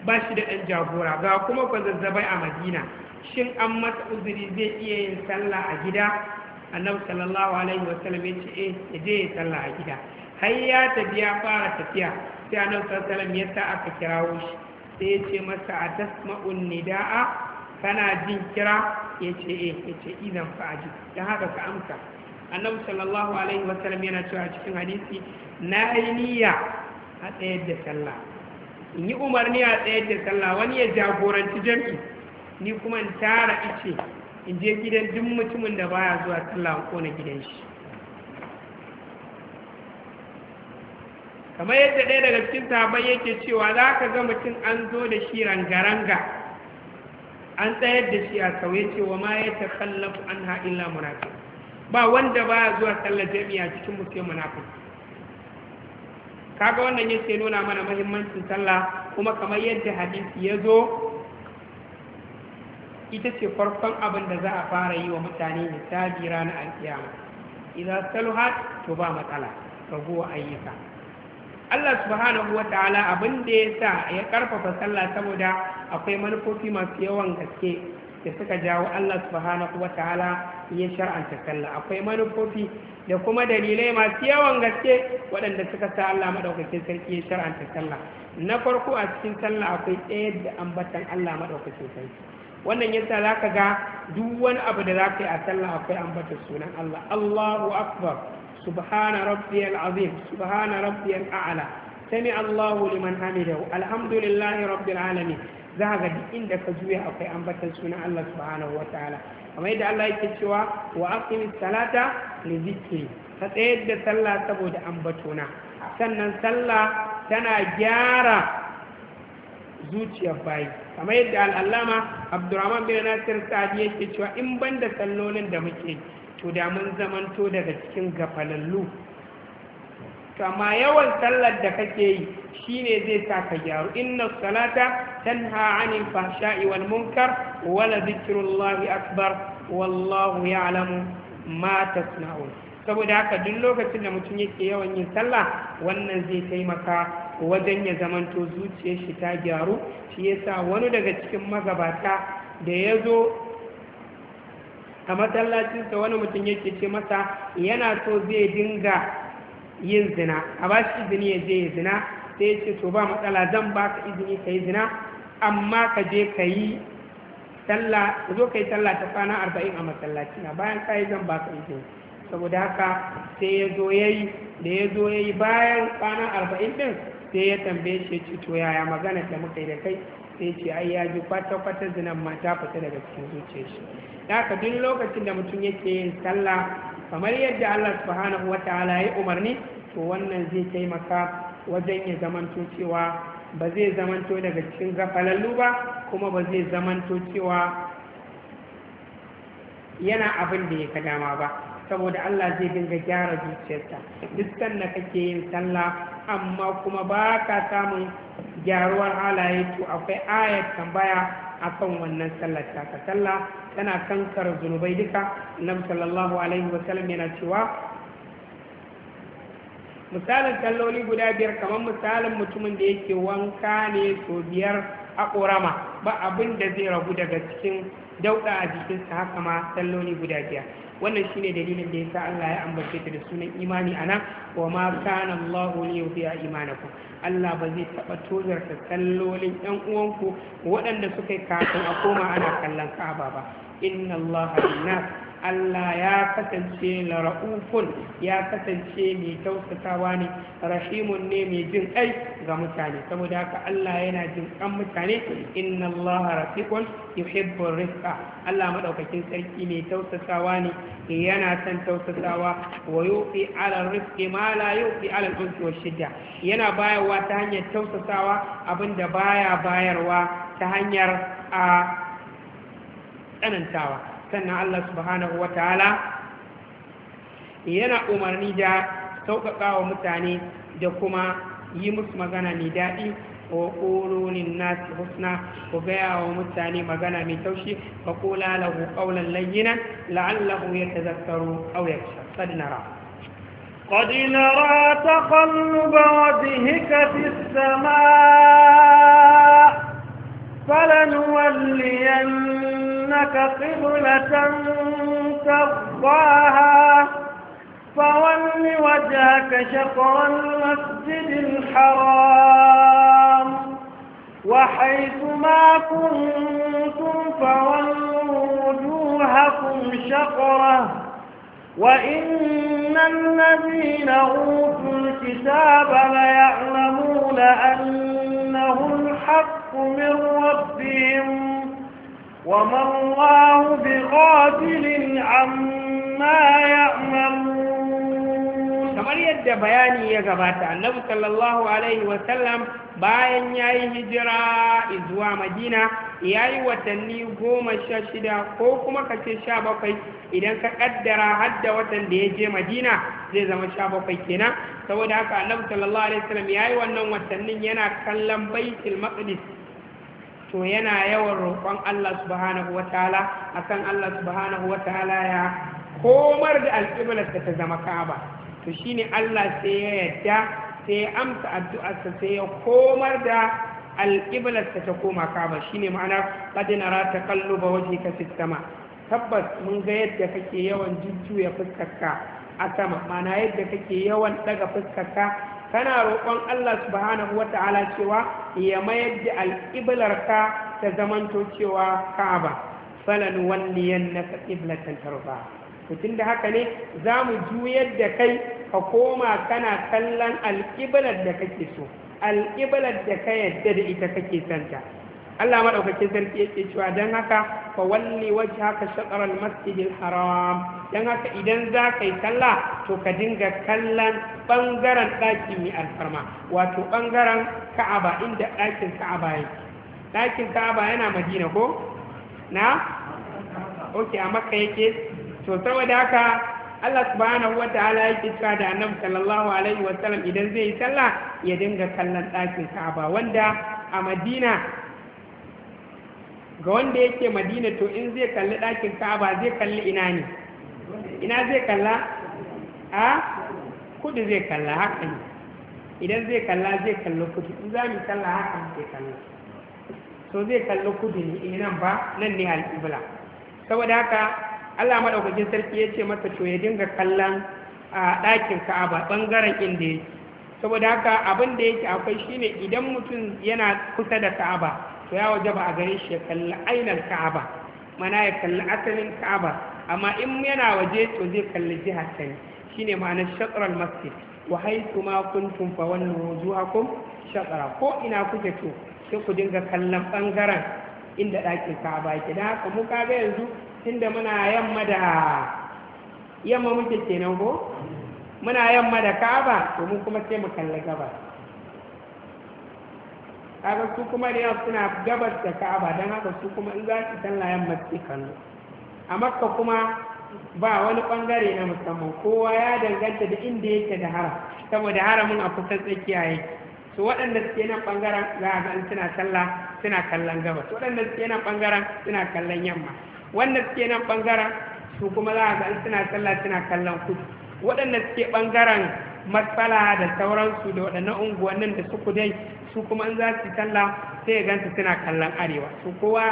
ba shi da ɗan jagora ga kuma kwazazzabai a madina shin an masa uzuri zai iya yin sallah a gida annabi sallallahu alaihi sallam' ya ce eh ya je sallah a gida har ya tafi ya fara tafiya sai annabi sallallahu alaihi sallam ya sa aka kirawo shi sai ya ce masa a tasma'un nida'a kana jin kira ya ce eh ya ce idan don haka ka amsa annabi sallallahu alaihi wasallam yana cewa cikin hadisi na yi niyya a tsayar da sallah in yi umarni a tsayar da sallah wani ya jagoranci jam'i ni kuma in tara ice in je gidan duk mutumin da baya zuwa sallah ko na gidan shi kamar yadda ɗaya daga cikin sahabbai yake cewa za ka ga mutum an zo da shi rangaranga an tsayar da shi a kauye cewa ma ya ta an ha'ila munafi ba wanda ba zuwa sallar jami'a cikin mutum munafi kaga wannan yake nuna mana mahimmancin sallah kuma kamar yadda hadisi ya zo ita ce farkon abin da za a fara yi wa mutane misali ranar alkiyama idan saluhat to ba matsala raguwa ayyuka Allah subhanahu wa ta'ala abin da ya sa ya karfafa sallah saboda akwai manufofi masu yawan gaske da suka jawo Allah subhanahu wa ta'ala ya shar'anta sallah akwai manufofi da kuma dalilai masu yawan gaske waɗanda suka sa Allah madaukakin sarki ya shar'anta sallah na farko a cikin sallah akwai ɗaya da ambatan Allah madaukakin sarki wannan yasa zaka ga duk wani abu da zaka yi a sallah akwai ambatan sunan Allah Allahu akbar subhana rabbiyal azim subhana rabbiyal a'la sami Allahu liman hamidahu alhamdulillahi rabbil alamin za ga duk inda ka juya akwai ambatar suna Allah subhanahu wataala kamar yadda Allah yake cewa wa aqimis salata li dhikri ka tsayar da sallah saboda ambatona sannan sallah tana gyara zuciyar bayi kamar yadda al'allama abdurrahman bin nasir sa'adi yake cewa in ban da sallolin da muke to da mun zamanto daga cikin gafalallu kama yawan sallar da kake yi shine zai sa ka gyaru inna salata tanha anil fahsha'i wal munkar wala zikrullahi akbar wallahu ya'lamu ma tasna'un saboda haka duk lokacin da mutum yake yawan yin sallah wannan zai taimaka wajen ya zamanto zuciyar shi ta gyaru shi yasa wani daga cikin magabata da ya zo a masallacinsa wani mutum yake ce masa yana so zai dinga yin zina a ba shi izini ya je ya zina sai ya ce to ba matsala zan ba ka izini ka yi zina amma ka je ka yi sallah ka zo ka yi sallah ta kwana arba'in a masallaci na bayan ka yi zan ba ka izini saboda haka sai ya zo ya yi da ya zo ya yi bayan kwana arba'in din sai ya tambaye shi ya ce to yaya magana da muka yi da kai sai ce ai ya ji kwata-kwata zinan mata fita daga cikin zuciyar shi da aka duk lokacin da mutum yake yin sallah kamar yadda Allah subhanahu wa ta'ala ya umarni to wannan zai taimaka wajen ya zamanto cewa ba zai zamanto daga cikin gafalallu ba kuma ba zai zamanto cewa yana abin da ya ka dama ba saboda Allah zai dinga gyara zuciyarta duk na kake yin sallah amma kuma ba ka samun gyaruwar halaye to akwai ayat tambaya akan wannan sallar taka sallah tana kankar zunubai duka annabi sallallahu alaihi sallam yana cewa misalin salloli guda biyar kamar misalin mutumin da yake wanka ne so biyar a ƙorama ba abin da zai rabu daga cikin dauɗa a jikinsa haka ma salloli guda biyar wannan shine dalilin da ya sa Allah ya ambace ta da sunan imani nan, wa ma kana Allah li yudhi'a imanaku. Allah ba zai taɓa tozarta sallolin 'yan uwanku waɗanda suka yi kafin a koma ana kallon Ka'aba ba inna Allah bin Allah ya kasance na ra'ufun ya kasance mai tausatawa ne rahimun ne mai jin ƙai ga mutane saboda haka Allah yana jin ƙan mutane inna Allah rafiqun yuhibbu rifqa Allah madaukakin sarki mai tausatawa ne yana son tausatawa wa yufi ala rifqi ma la yufi ala al-unsi shidda yana bayarwa ta hanyar tausasawa abinda baya bayarwa ta hanyar a tsanantawa sannan Allah subhanahu wa ta'ala yana umarni da sauƙaƙa wa mutane da kuma yi musu magana mai daɗi wa ƙoronin nasi husna ku gaya wa mutane magana mai taushi wa ƙola lahu ƙaunar layyina la'allahu ya ta zakaru ƙauyar sadinara قد نرى ba وجهك في السماء فلنولينك قبلة ترضاها فول وجهك شطر المسجد الحرام وحيث ما كنتم فولوا وجوهكم شطره وإن الذين أوتوا الكتاب ليعلمون أن إنه الحق من ربهم وما الله بغادل عما يأمرون kamar yadda bayani ya gabata annabi sallallahu alaihi wasallam bayan ya yi hijira zuwa madina ya yi watanni goma sha shida ko kuma ka sha bakwai idan ka kaddara hadda watan da ya je madina zai zama sha bakwai kenan saboda haka annabi sallallahu alaihi wasallam ya yi wannan watannin yana kallon baitul maqdis to yana yawan roƙon Allah subhanahu wataala akan Allah subhanahu wataala ya komar da alƙiblarsa ta zama Ka'aba to shine Allah sai ya yadda sai ya amsa addu'arsa sai ya komar da alƙiblarsa ta koma Shi shine ma'ana ta kallo ba waje ka sama tabbas mun ga yadda kake yawan jujjuya fuskarka a sama mana yadda kake yawan ɗaga fuskarka kana roƙon Allah subhanahu ta'ala cewa ya mayar da alƙiblarka ta zamanto cewa kaba falan wanniyan na ƙiblatan tarba Mutum da haka ne za mu juyar da kai ka koma kana kallon alƙiblar da kake so alƙiblar da ka yadda da ita kake santa Allah maɗaukakin sarki yake cewa don haka fa walli wajen haka shaƙarar masjidil haram don haka idan za ka yi sallah to ka dinga kallon ɓangaren ɗaki mai alfarma wato ɓangaren ka'aba inda ɗakin ka'aba yake ɗakin ka'aba yana madina ko na ok a maka yake to saboda haka Allah subhanahu wataala yake cewa da annabi sallallahu alaihi wasallam idan zai yi sallah ya dinga kallon ɗakin Ka'aba wanda a Madina ga wanda yake Madina to in zai kalli ɗakin Ka'aba zai kalli ina ne ina zai kalla a kudu zai kalla haka ne idan zai kalla zai kalli kudu in za mu kalla haka zai kalla so zai kalli kudu ne eh, nan ba nan ne Al-Ibla. alƙibla saboda haka Allah maɗaukakin sarki ya ce masa to ya dinga kallon a ɗakin Ka'aba ɓangaren inda yake saboda haka abin da yake akwai shine idan mutum yana kusa da Ka'aba to ya waje ba a gare shi ya kalli ainar Ka'aba mana ya kalli asalin Ka'aba amma in yana waje to zai kalli jihar ta ne shine ma'anar shatsarar masjid wa haythu ma kuntum fa wallu wujuhakum shatra ko ina kuke to sai ku dinga kallon ɓangaren inda ɗakin Ka'aba yake Da haka mu kaga yanzu tunda muna yamma da yamma muke kenan ko muna yamma da kaba to mun kuma sai mu kalli gabas kaga su kuma da suna gabas da kaba don haka su kuma in za su sallah yamma su kallo a makka kuma ba wani bangare na musamman kowa ya danganta da inda yake da haram saboda haramin a kusan tsakiya yake su waɗanda suke nan bangaren za a ga suna sallah suna kallon gabas waɗanda suke nan bangaren suna kallon yamma Wannan suke nan ɓangaren su kuma za a ga in suna sallah suna kallon kudu waɗanda suke ɓangaren matsala da sauransu da waɗannan unguwannin da suku dai su kuma in za su sallah sai ganta suna kallon arewa su kowa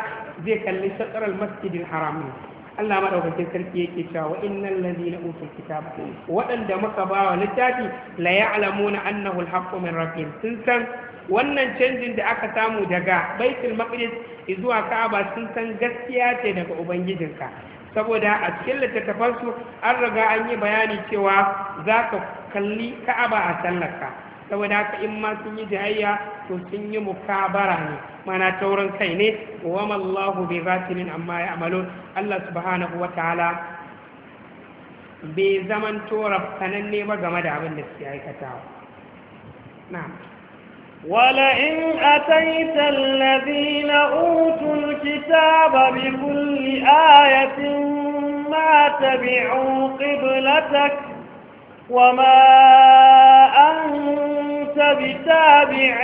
zai kalli shatsarar masjidin haramun Allah madaukakin sarki yake cewa wa innal na utul kitaba waɗanda muka ba wa littafi la ya'lamuna annahu al-haqqu min rabbihim sun san wannan canjin da aka samu daga baitul maqdis zuwa ka'aba sun san gaskiya ce daga ubangijinka saboda a cikin su an riga an yi bayani cewa za ka kalli ka'aba a sallarka saboda haka in ma sun yi jayayya to sun yi mukabara ne mana taurin kai ne wa mallahu bi zatilin amma ya amalo Allah subhanahu wa ta'ala bai zaman tora sananne ba game da abin da suke aikatawa na'am ولئن أتيت الذين أوتوا الكتاب بكل آية ما تبعوا قبلتك وما أنت بتابع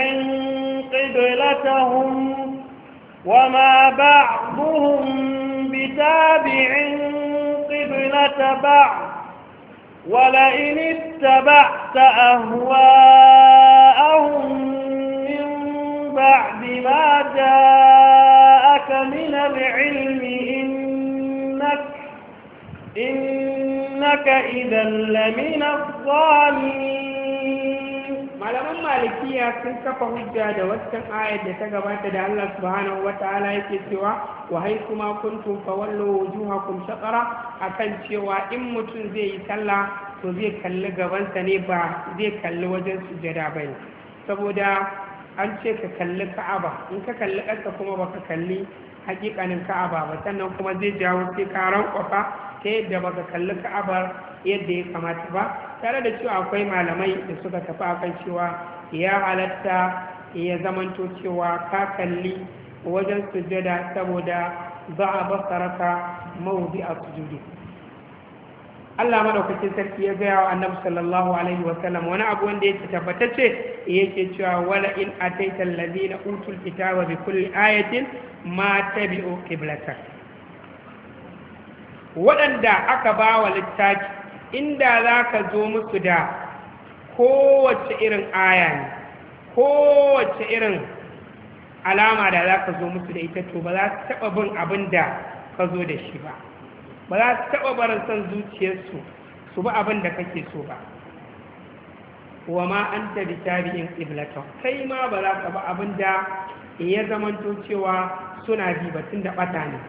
قبلتهم وما بعضهم بتابع قبلة بعض ولئن اتبعت أهواءهم بعد ما جاءك من العلم إنك إنك إذا لمن الظالمين malaman malikiya sun kafa hujja da waccan ayar da ta gabata da Allah subhanahu wataala yake cewa wa kuma kuntum fawallu wujuhakum shaqara akan cewa in mutum zai yi sallah to zai kalli gabansa ne ba zai kalli wajen sujada bane saboda an ce ka kalli ka'aba in ka kalli ƙasa kuma baka kalli hakikanin ka'aba ba sannan kuma zai jawo sai ka rankwafa ta yadda baka kalli ka'aba yadda ya kamata ba tare da cewa akwai malamai da suka tafi akan cewa ya halatta ya zamanto cewa ka kalli wajen sujada saboda za a basaraka mawudi a sujudi Allah maɗaukacin sarki ya gaya wa annabi sallallahu alaihi wa sallam wani abu wanda yake tabbatacce yake cewa wala in ataita allazina utul kitaba bi kulli ayatin ma tabi'u qiblatak waɗanda aka ba wa littafi inda za ka zo musu da kowace irin aya ne kowace irin alama da za ka zo musu da ita to ba za su taɓa bin abin da ka zo da shi ba ba za su taɓa barin son zuciyarsu su ba abin da kake so ba wa ma an ta bi tabi'in iblatan. kai ma ba za ka ba abin da ya zamanto cewa suna bi batun da ɓata ne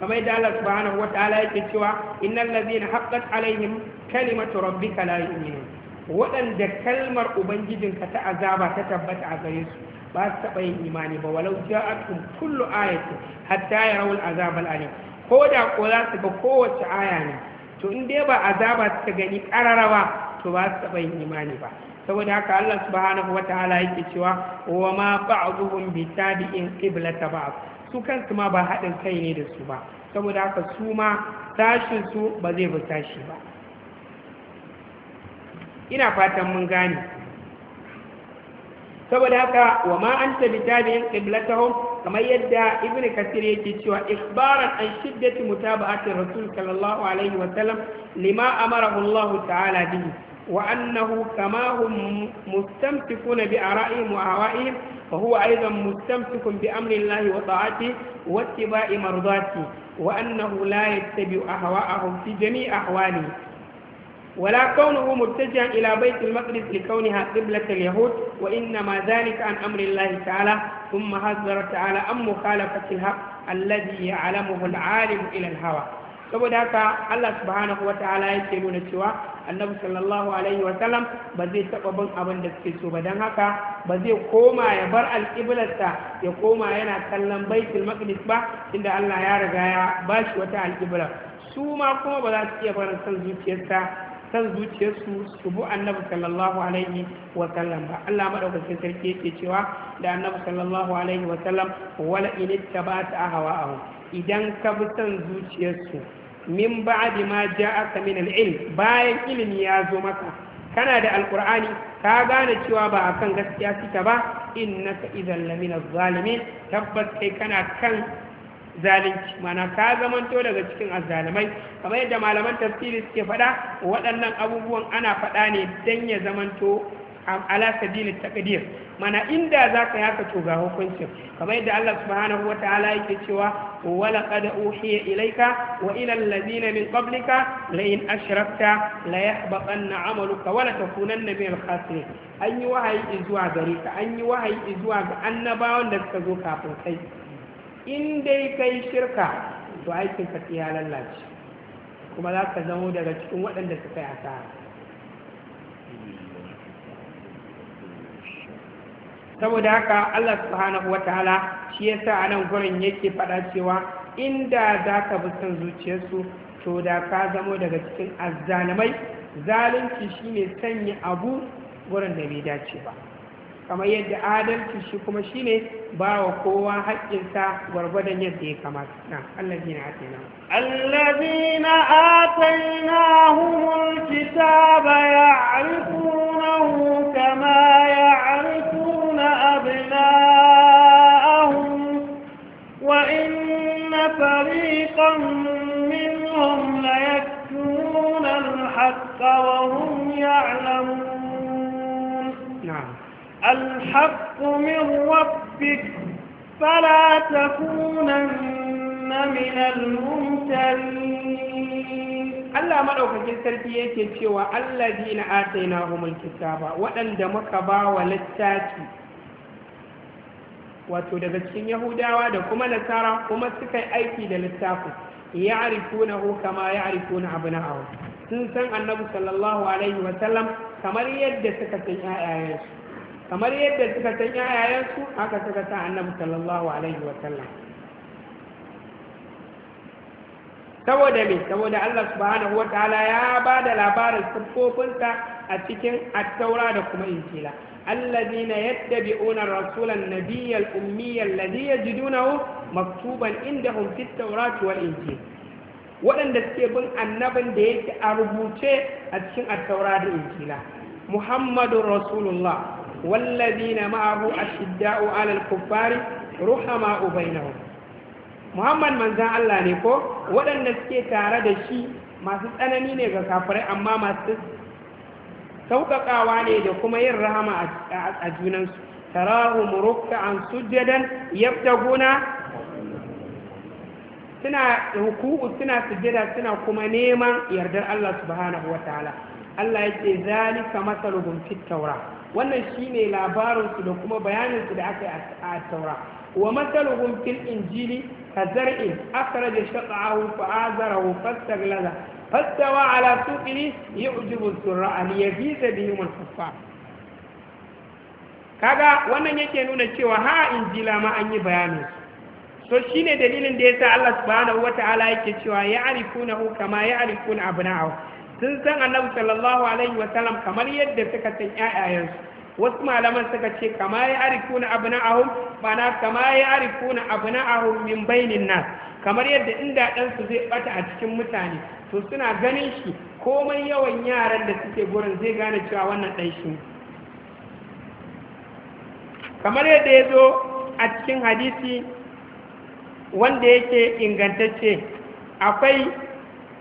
kamar yadda Allah subhanahu wa ta'ala yake cewa innal ladzina haqqat alaihim kalimatu rabbika la yu'minun waɗanda kalmar ubangijinka ta azaba ta tabbata a gare su ba su taɓa yin imani ba walau ja'atun kullu ayatin hatta rawul azab al-alim ko da ko za su ga kowace aya ne to in dai ba azaba suka gani kararawa to ba su taɓa yin imani ba saboda haka Allah subhanahu wataala yake cewa wa ma ba'dhum bi tabi'in qiblata ba su kansu ma ba haɗin kai ne da su ba saboda haka su ma tashin su ba zai bi tashi ba ina fatan mun gane saboda haka wa ma tabi bitabi'in qiblatahum kamar yadda ibnu kasir yake cewa ikhbaran an shiddati mutaba'ati rasul sallallahu alaihi wa sallam lima amarahu Allah ta'ala bihi wa annahu kama hum mustamtikuna bi ara'ihim wa hawa'ihim fa huwa aidan mustamtikun bi amri Allah wa ta'ati wa ittiba'i mardati wa annahu la yattabi'u ahwa'ahum fi jami'i ahwalihi ولا كونه متجها إلى بيت المقدس لكونها قبلة اليهود وإنما ذلك عن أمر الله تعالى ثم حذر تعالى عن مخالفة الحق الذي يعلمه العالم إلى الهوى saboda haka Allah subhanahu wa ta'ala yake nuna cewa annabi sallallahu alaihi wa ba zai taba bin abin da ke so ba dan haka ba zai koma ya bar alƙiblarsa ya koma yana kallon baitul maqdis ba inda Allah ya riga ya bashi wata alƙibla su ma kuma ba za su iya barin san san zuciyarsu su bu annabi sallallahu alaihi wa sallam ba Allah madaukakin sarki yake cewa da annabi sallallahu alaihi wa sallam wala in ittaba'ta ahwa'ahum idan ka bi san zuciyarsu min ba'di ma ja'aka min al-ilm bayan ilimi ya zo maka kana da alqur'ani ka gane cewa ba akan gaskiya kika ba innaka idan lamina zalimin tabbas kai kana kan zalunci mana ka zamanto daga cikin azzalamai kamar yadda malaman tafsiri suke fada waɗannan abubuwan ana fada ne dan ya zamanto ala sabilin taqdir mana inda zaka ka yaka to ga hukuncin kamar yadda Allah subhanahu wataala yake cewa wa laqad uhiya ilayka wa ila allazina min qablika la in ashrakta la yahbatanna 'amaluka wa la takunanna min al-khasirin an yi wahayi zuwa gare ka an yi wahayi zuwa ga annabawan da suka zo kafin kai in dai ka yi shirka to aikin ka ya lallace kuma za ka zamo daga cikin waɗanda suka yi asara saboda haka Allah subhanahu wataala shi yasa a nan gurin yake faɗa cewa inda za ka bi son zuciyarsu to da ka zamo daga cikin azzalumai zalunci shine sanya abu gurin da bai dace ba kamar yadda adalci shi kuma shine ba wa kowa haƙƙinsa gwargwadon yadda ya kamata na allazina atina allazina atainahumul kitaba ya'rifunahu kama ya'rifuna abna'ahum wa inna fariqan minhum na yaktumuna al-haqqa wa hum ya'lamun na'am الحق من ربك فلا تكونن من الممترين Allah maɗaukakin sarki yake cewa Allah dina ataina humul kitaba waɗanda muka ba wa littafi wato daga cikin Yahudawa da kuma Nasara kuma suka yi aiki da littafi, ya arifuna kama ya arifuna abu na sun san annabi sallallahu alaihi wasallam kamar yadda suka san 'ya'yayensu kamar yadda suka san yayayensu haka suka san annabi sallallahu alaihi wa sallam saboda me saboda Allah subhanahu wa ta'ala ya ba da labarin siffofinsa a cikin attaura da kuma injila allazina yattabi'una ar-rasula an-nabiyya al yajidunahu maktuban indahum fit tawrati wal injil waɗanda suke bin annabin da yake a rubuce a cikin attaura da injila muhammadun rasulullah na معه أشداء على الكفار ruhama بينهم Muhammad manzan Allah ne ko waɗanda suke tare da shi masu tsanani ne ga kafirai amma masu sauƙaƙawa ne da kuma yin rahama a junansu tarahum ruk'an sujjadan yabtaguna suna ruku'u suna sujjada suna kuma neman yardar Allah subhanahu wataala Allah yace zalika masaluhum fit tawrah wannan shine labarinsu da kuma bayaninsu da aka yi a taura wa matsaluhun fil injili ka zar'in akhraja shaqa'ahu fa azarahu fastaglaza fastawa ala suqihi Ali ya li yafiza bihim al-kuffar kaga wannan yake nuna cewa ha injila ma an yi bayanin to shine dalilin da sa Allah subhanahu Ala yake cewa ya ya'rifunahu kama na abna'ahu sun san annabi sallallahu alaihi wa sallam kamar yadda suka san ƴaƴayensu wasu malaman suka ce kama ya arifuna abna'ahum bana kama ya arifuna abna'ahum min bainin nas kamar yadda inda ɗansu zai bata a cikin mutane to suna ganin shi komai yawan yaran da suke gurin zai gane cewa wannan ɗan shi kamar yadda ya zo a cikin hadisi wanda yake ingantacce akwai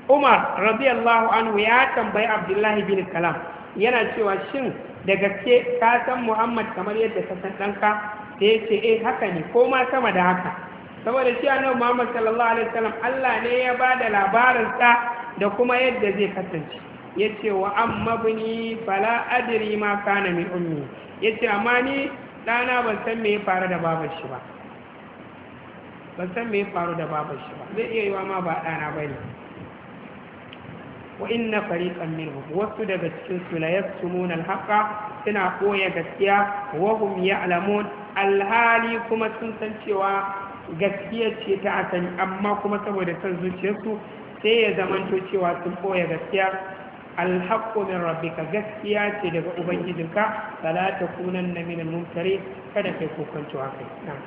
umar radiyallahu anhu ya tambayi abdullahi bin kalam yana cewa shin da gaske ka san muhammad kamar yadda ka san ɗanka da ya ce eh haka ne ko ma sama da haka saboda shi annabi muhammad sallallahu alaihi wasallam allah ne ya ba da labarinsa da kuma yadda zai kasance ya ce wa amma bini fala adiri ma kana min ummi ya ce amma ni ɗana ban san me ya faru da babar shi ba ban san me ya faru da babar shi ba zai iya yiwa ma ba ɗana ba ne wa inna fariqan minhum wasu daga cikin su la yastumuna al suna koya gaskiya wa hum ya'lamun alhali kuma sun san cewa gaskiya ce ta asali amma kuma saboda san zuciyarsu sai ya zamanto cewa sun koya gaskiya alhaqqu min rabbika gaskiya ce daga ubangijinka fala takunanna min al-mumtari kada kai kokanto haka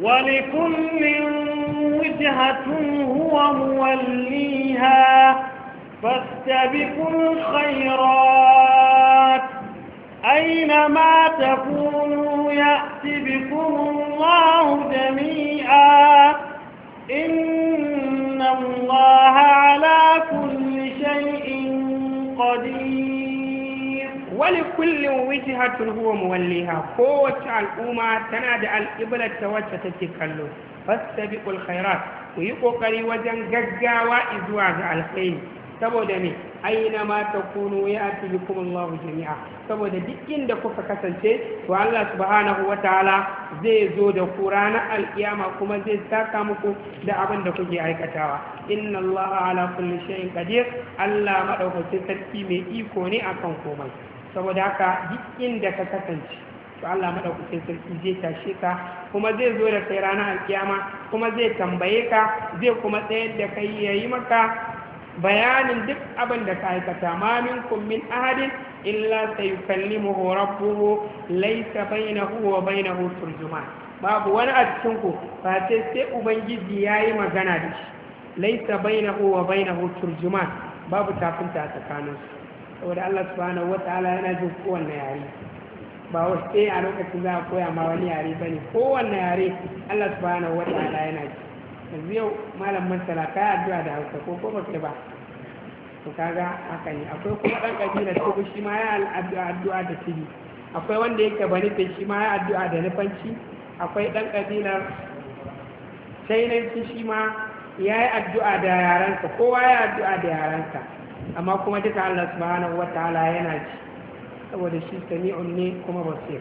ولكل وجهة هو موليها فاستبقوا الخيرات أينما تكونوا يأتي بكم الله جميعا إن الله على كل شيء قدير ولكل وجهة هو موليها قوة الأمة تنادى الإبلة وجهة كله فاستبقوا الخيرات ويقوا قري وجن جزاوا إذواج الخير saboda me aina ma kunu ya ati bikum Allahu jami'a saboda duk inda kuka kasance to Allah subhanahu wataala zai zo da ku ranar alkiyama kuma zai saka muku da abin da kuke aikatawa inna Allah ala kulli shay'in qadir Allah madaukakin sarki mai iko ne akan komai saboda haka duk inda ka kasance to Allah madaukakin sarki zai tashe ka kuma zai zo da kai ranar alkiyama kuma zai tambaye ka zai kuma tsayar da kai yayi maka bayanin duk abin da ka aikata ma minkum min ahadin illa sayukallimuhu laisa laysa huwa wa hutun juma babu wani a cikinku ku ba sai sai ubangiji ya yi magana da shi laysa huwa wa hutun juma babu tafinta a tsakanin su saboda Allah wata ala yana jin kowanne yare ba wasu sai a lokacin za a koya ma wani yare ba ne. kowanne yare Allah wata ala yana ji yanzu yau malam masala ka addu'a da hausa ko ko kai ba to kaga haka ne akwai kuma dan kabila ko shi ma ya addu'a addu'a da tibi akwai wanda yake bari da shi ma ya addu'a da nufanci akwai dan sai ne shi ma ya yi addu'a da yaransa kowa ya addu'a da yaransa amma kuma duka Allah subhanahu wa ta'ala yana ci saboda shi sami'un ne kuma basir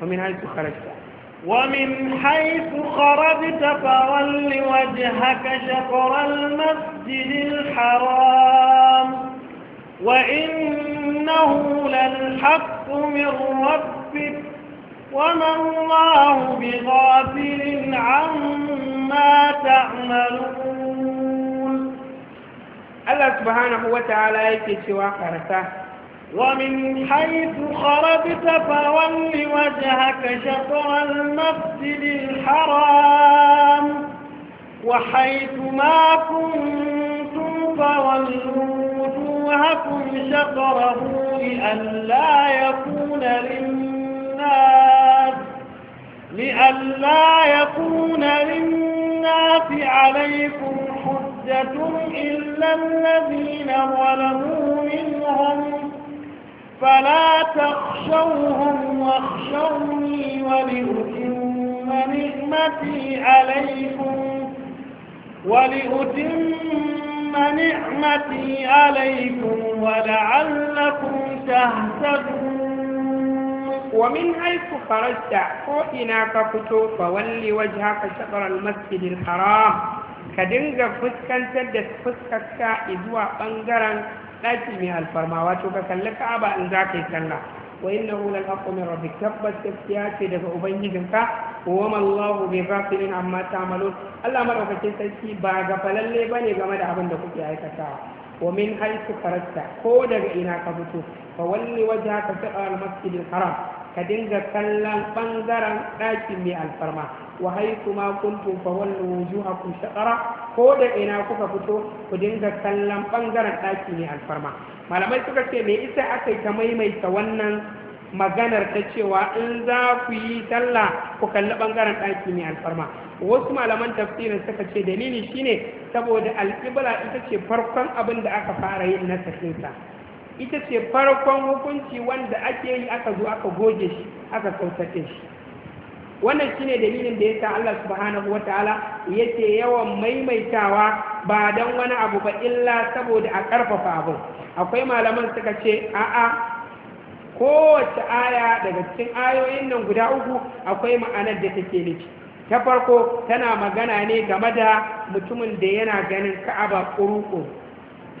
ومن حيث خرجت ومن حيث خرجت فول وجهك شطر المسجد الحرام وإنه للحق من ربك وما الله بغافل عما تعملون الله سبحانه وتعالى يكي واقع قرسه ومن حيث خرجت فول وجهك شطر المسجد الحرام وحيث ما كنتم فولوا وجوهكم شطره لئلا يكون للناس لئلا يكون للناس عليكم حجة إلا الذين ظلموا منهم فلا تخشوهم واخشوني ولأتم نعمتي عليكم ولأتم نعمتي عليكم ولعلكم تهتدون ومن حيث خرجت فإنا كفتو فولي وجهك شطر المسجد الحرام كدنجا فسكا تدس فسكا إذوا بنجرا ɗaki mai alfarma wato ka kalli ka'aba in za ka yi sallah wa inna hu lal min tabbas gaskiya ce daga ubangijinka wa ma Allahu bi ghafilin amma ta'malun Allah madaukakin sarki ba ga falalle bane game da abin da kuke aikatawa ko daga ina ومن حيث خرجت كودا إنا كبتو فول وجهك haram. Ka dinga kallon ɓangaren ɗaki mai alfarma. wa haythu ma kuntum fa wallu wujuhakum shaqara ko da ina kuka fito ku dinga kallon bangaren daki ne alfarma malamai suka ce me isa akai ta maimaita wannan maganar ta cewa in za ku yi talla ku kalli bangaren daki ne alfarma wasu malaman tafsirin suka ce dalili shine saboda alƙibla ita ce farkon abin da aka fara yin na sakinsa ita ce farkon hukunci wanda ake yi aka zo aka goge shi aka kautace shi wannan shine dalilin da ya yasa Allah subhanahu wataala yake yawan maimaitawa ba dan wani abu ba illa saboda a ƙarfafa abin akwai malaman suka ce a'a kowace aya daga cikin ayoyin nan guda uku akwai ma'anar da take nufi ta farko tana magana ne game da mutumin da yana ganin ka'aba kuruku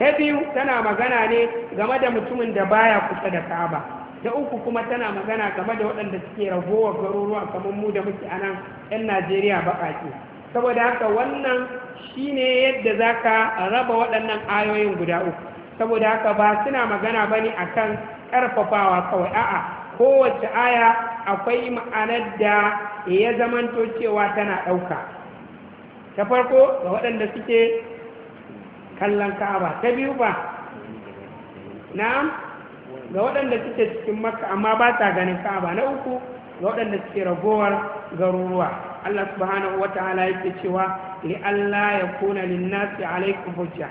ta biyu tana magana ne game da mutumin da baya kusa da ka'aba ta uku kuma tana magana game da waɗanda suke ragowar garuruwa kamar mu da muke anan 'yan najeriya baƙaƙe saboda haka wannan shine yadda za ka raba waɗannan ayoyin guda uku saboda haka ba suna magana ba ne akan ƙarfafawa kawai a'a kowace aya akwai ma'anar da ya zamanto cewa tana ɗauka ta farko ga waɗanda suke kallon ka'aba ta biyu ba na'am ga waɗanda suke cikin maka amma ba ta ganin ka'aba na uku ga waɗanda suke ragowar garuruwa Allah subhanahu wata'ala yake cewa li Allah ya kuna linnasi alaikum hujja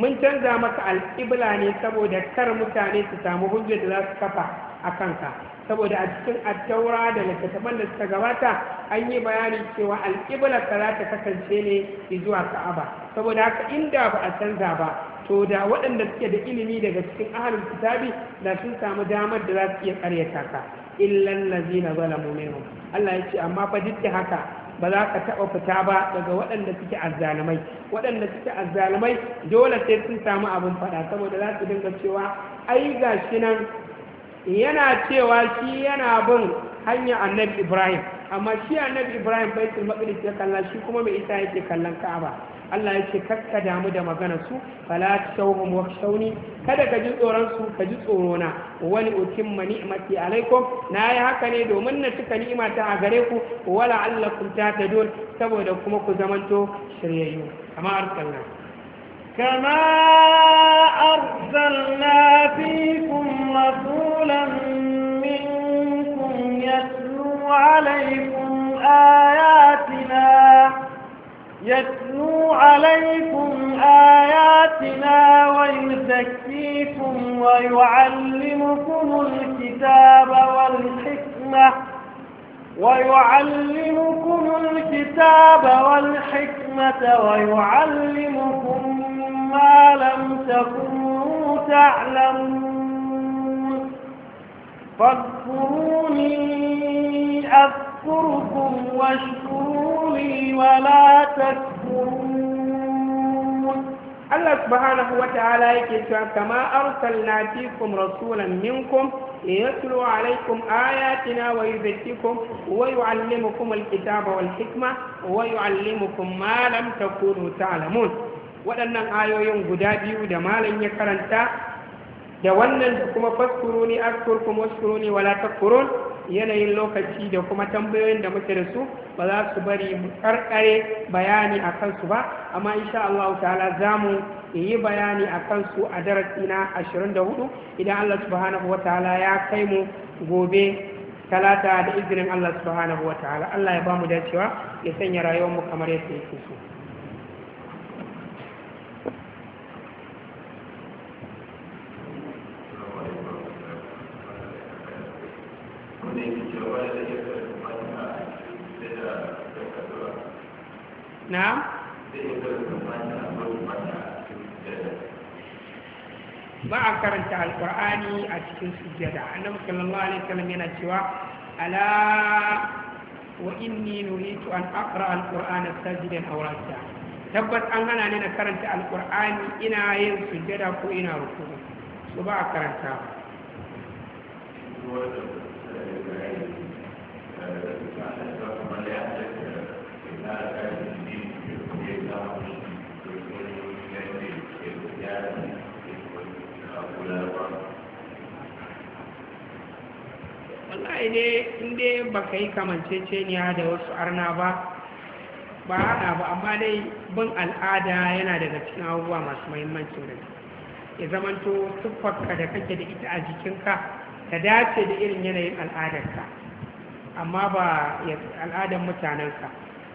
mun canza maka alƙibla ne saboda kar mutane su samu hujja da za su kafa a kanka saboda a cikin attaura da littattafan da suka gabata an yi bayani cewa alƙibla ka za ta kasance ne zuwa ka'aba saboda haka inda ba a canza ba to da waɗanda suke da ilimi daga cikin ahalin kitabi da sun samu damar da za su iya karyata ka illan lazina zalamu minhum Allah ya ce amma fa duk haka ba za ka taɓa fita ba daga waɗanda suke azzalumai waɗanda suke azzalumai dole sai sun samu abin faɗa saboda za su dinga cewa ai gashi nan yana cewa shi yana bin hanyar annabi Ibrahim amma shi annabi ibrahim baitul maqdis ya kalla shi kuma mai isa yake kallon ka'aba Allah ya ce kakka damu da magana su fala wa shawni kada ka ji tsoron su ka ji tsoro na wani utimma ni'mati alaikum na yi haka ne domin na cika ni'ima ta a gare ku wala ta tahtadun saboda kuma ku zamanto shiryayyu kama arsalna kama arsalna fikum rasulan minkum yatlu عليكم آياتنا يتلو عليكم آياتنا ويزكيكم ويعلمكم الكتاب والحكمة ويعلمكم الكتاب والحكمة ويعلمكم ما لم تكونوا تعلمون فاذكروني أذكركم واشكروني ولا تكفرون الله سبحانه وتعالى يكتب كما أرسلنا فيكم رسولا منكم يتلو عليكم آياتنا ويزكيكم ويعلمكم الكتاب والحكمة ويعلمكم ما لم تكونوا تعلمون waɗannan ayoyin guda biyu da malam ya karanta da wannan da kuma faskuru ni kuma waskuru ni wala takfurun yanayin lokaci da kuma tambayoyin da muke da su ba za su bari mu karkare bayani a kansu ba amma in sha Allah ta'ala za mu yi bayani a kansu a darasi na 24 idan Allah subhanahu wa ta'ala ya kai mu gobe talata da izinin Allah subhanahu wa ta'ala Allah ya ba mu dacewa ya sanya rayuwar mu kamar yadda yake so na'am ba a karanta alkur'ani a cikin sujjada Nan sallallahu alaihi wasallam yana cewa ala wa inni to an aqra alqur'ana sajidan aw raka'a tabbas an hana ni na karanta alkur'ani ina yin sujada ko ina ruku so ba a karanta ba wallahi dai inda baka yi kamanceceniya da wasu arna ba ba haɗa ba amma dai bin al'ada yana daga cikin abubuwa masu mahimmancin da ya zamanto ka da kake da ita a jikinka ta dace da irin yanayin al'adarka amma ba al'adar mutanensa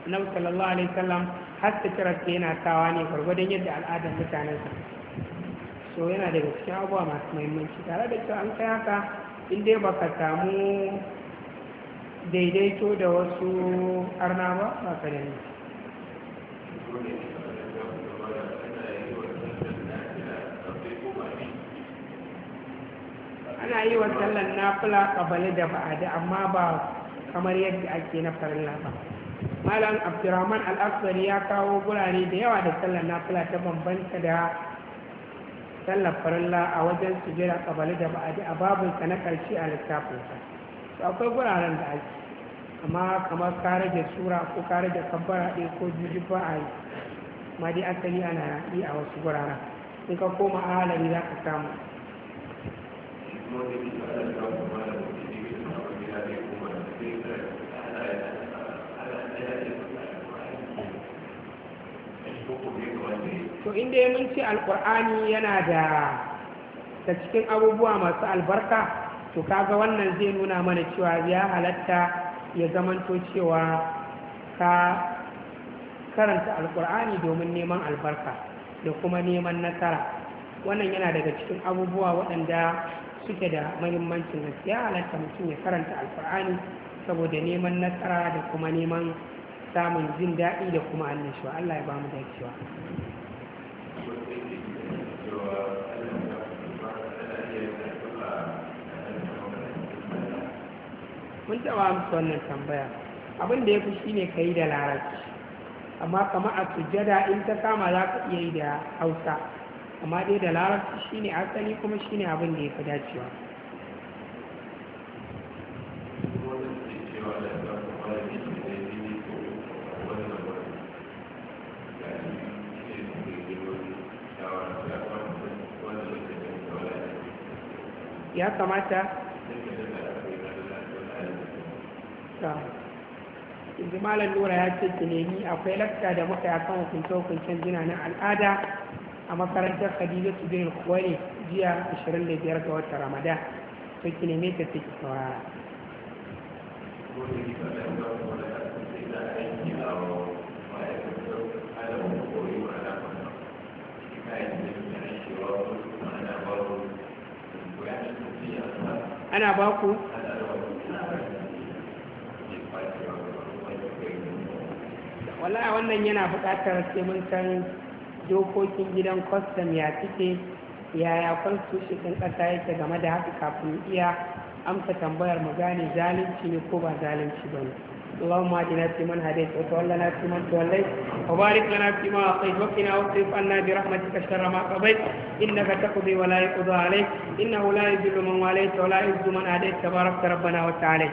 na sallallahu alaihi Sallam har suturar ke yana tawa ne gwargwadon yadda al'adar mutanensa so yana daga cikin abubuwa masu muhimmanci tare da cewa an kai haka in dai baka samu daidaito da wasu arna ba ba ka dani ana yi wa sallan nafila kabali da ba'adi amma ba kamar yadda ake na farin ba malam abdurrahman al ya kawo gurare da yawa da sallar nafila ta bambanta da sallar farilla a wajen su jira kabali da ba'adi a babinsa na karshe a littafinsa to akwai guraren da ake amma kamar kare da sura ko kare da kabbara ɗaya ko juji ba a yi ma dai asali ana yi a wasu guraren in ka koma a halari za ka samu to inda ya ci Alƙur'ani yana da cikin abubuwa masu albarka to kaga wannan zai nuna mana cewa ya halatta ya zamanto cewa ka karanta Alƙur'ani domin neman albarka da kuma neman nasara wannan yana daga cikin abubuwa waɗanda suke da mahimmancin gaskiya halatta mutum ya karanta alkur'ani saboda neman nasara da kuma neman samun jin daɗi da kuma annashuwa Allah ya ba mu dacewa mun taɓa amsa wannan tambaya abin da ya fi shi ne ka yi da larabci amma kama a sujjada in ta kama za ka iya yi da hausa amma dai da larabci shi ne asali kuma shi ne abin da ya fi dacewa ya kamata lakta inda malam lura ya ce ki nemi akwai lakta da muka yi akan hukunce hukuncen jina na al'ada a makarantar khadija su bin kuwani jiya 25 ga watan ramadan to ki ta take saurara ana ba ku wannan yana buƙatar sai mun san dokokin gidan kwastam ya cike yaya constitution ɗin ƙasa yake game da haka kafin iya amsa tambayar mu gane zalunci ne ko ba zalunci ba ne اللهم اهدنا فيمن هديت وتولنا فيمن توليت وبارك لنا فيما اعطيت وقنا واصرف عنا برحمتك شر ما قضيت انك تقضي ولا يقضى عليك انه لا يذل من واليت ولا يعز من هديت تبارك ربنا وتعالى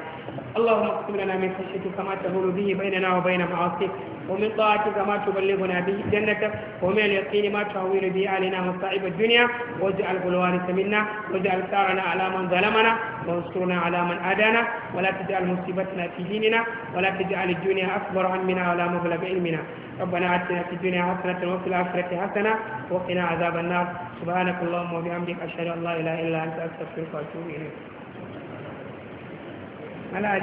اللهم اقسم لنا من خشيتك ما تهون به بيننا وبين معاصيك ومن طاعتك ما تبلغنا به جنتك ومن اليقين ما تهون به علينا مصائب الدنيا واجعله الوارث منا واجعل ثارنا على من ظلمنا وانصرنا على من عادانا ولا تجعل مصيبتنا في ديننا ولا تجعل الدنيا اكبر همنا ولا مبلغ علمنا ربنا اتنا في الدنيا حسنه وفي الاخره حسنه وقنا عذاب النار سبحانك اللهم وبحمدك اشهد ان لا اله الا انت استغفرك واتوب اليك Ana a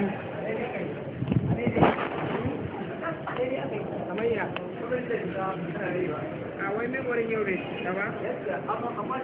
wai memorin yau ne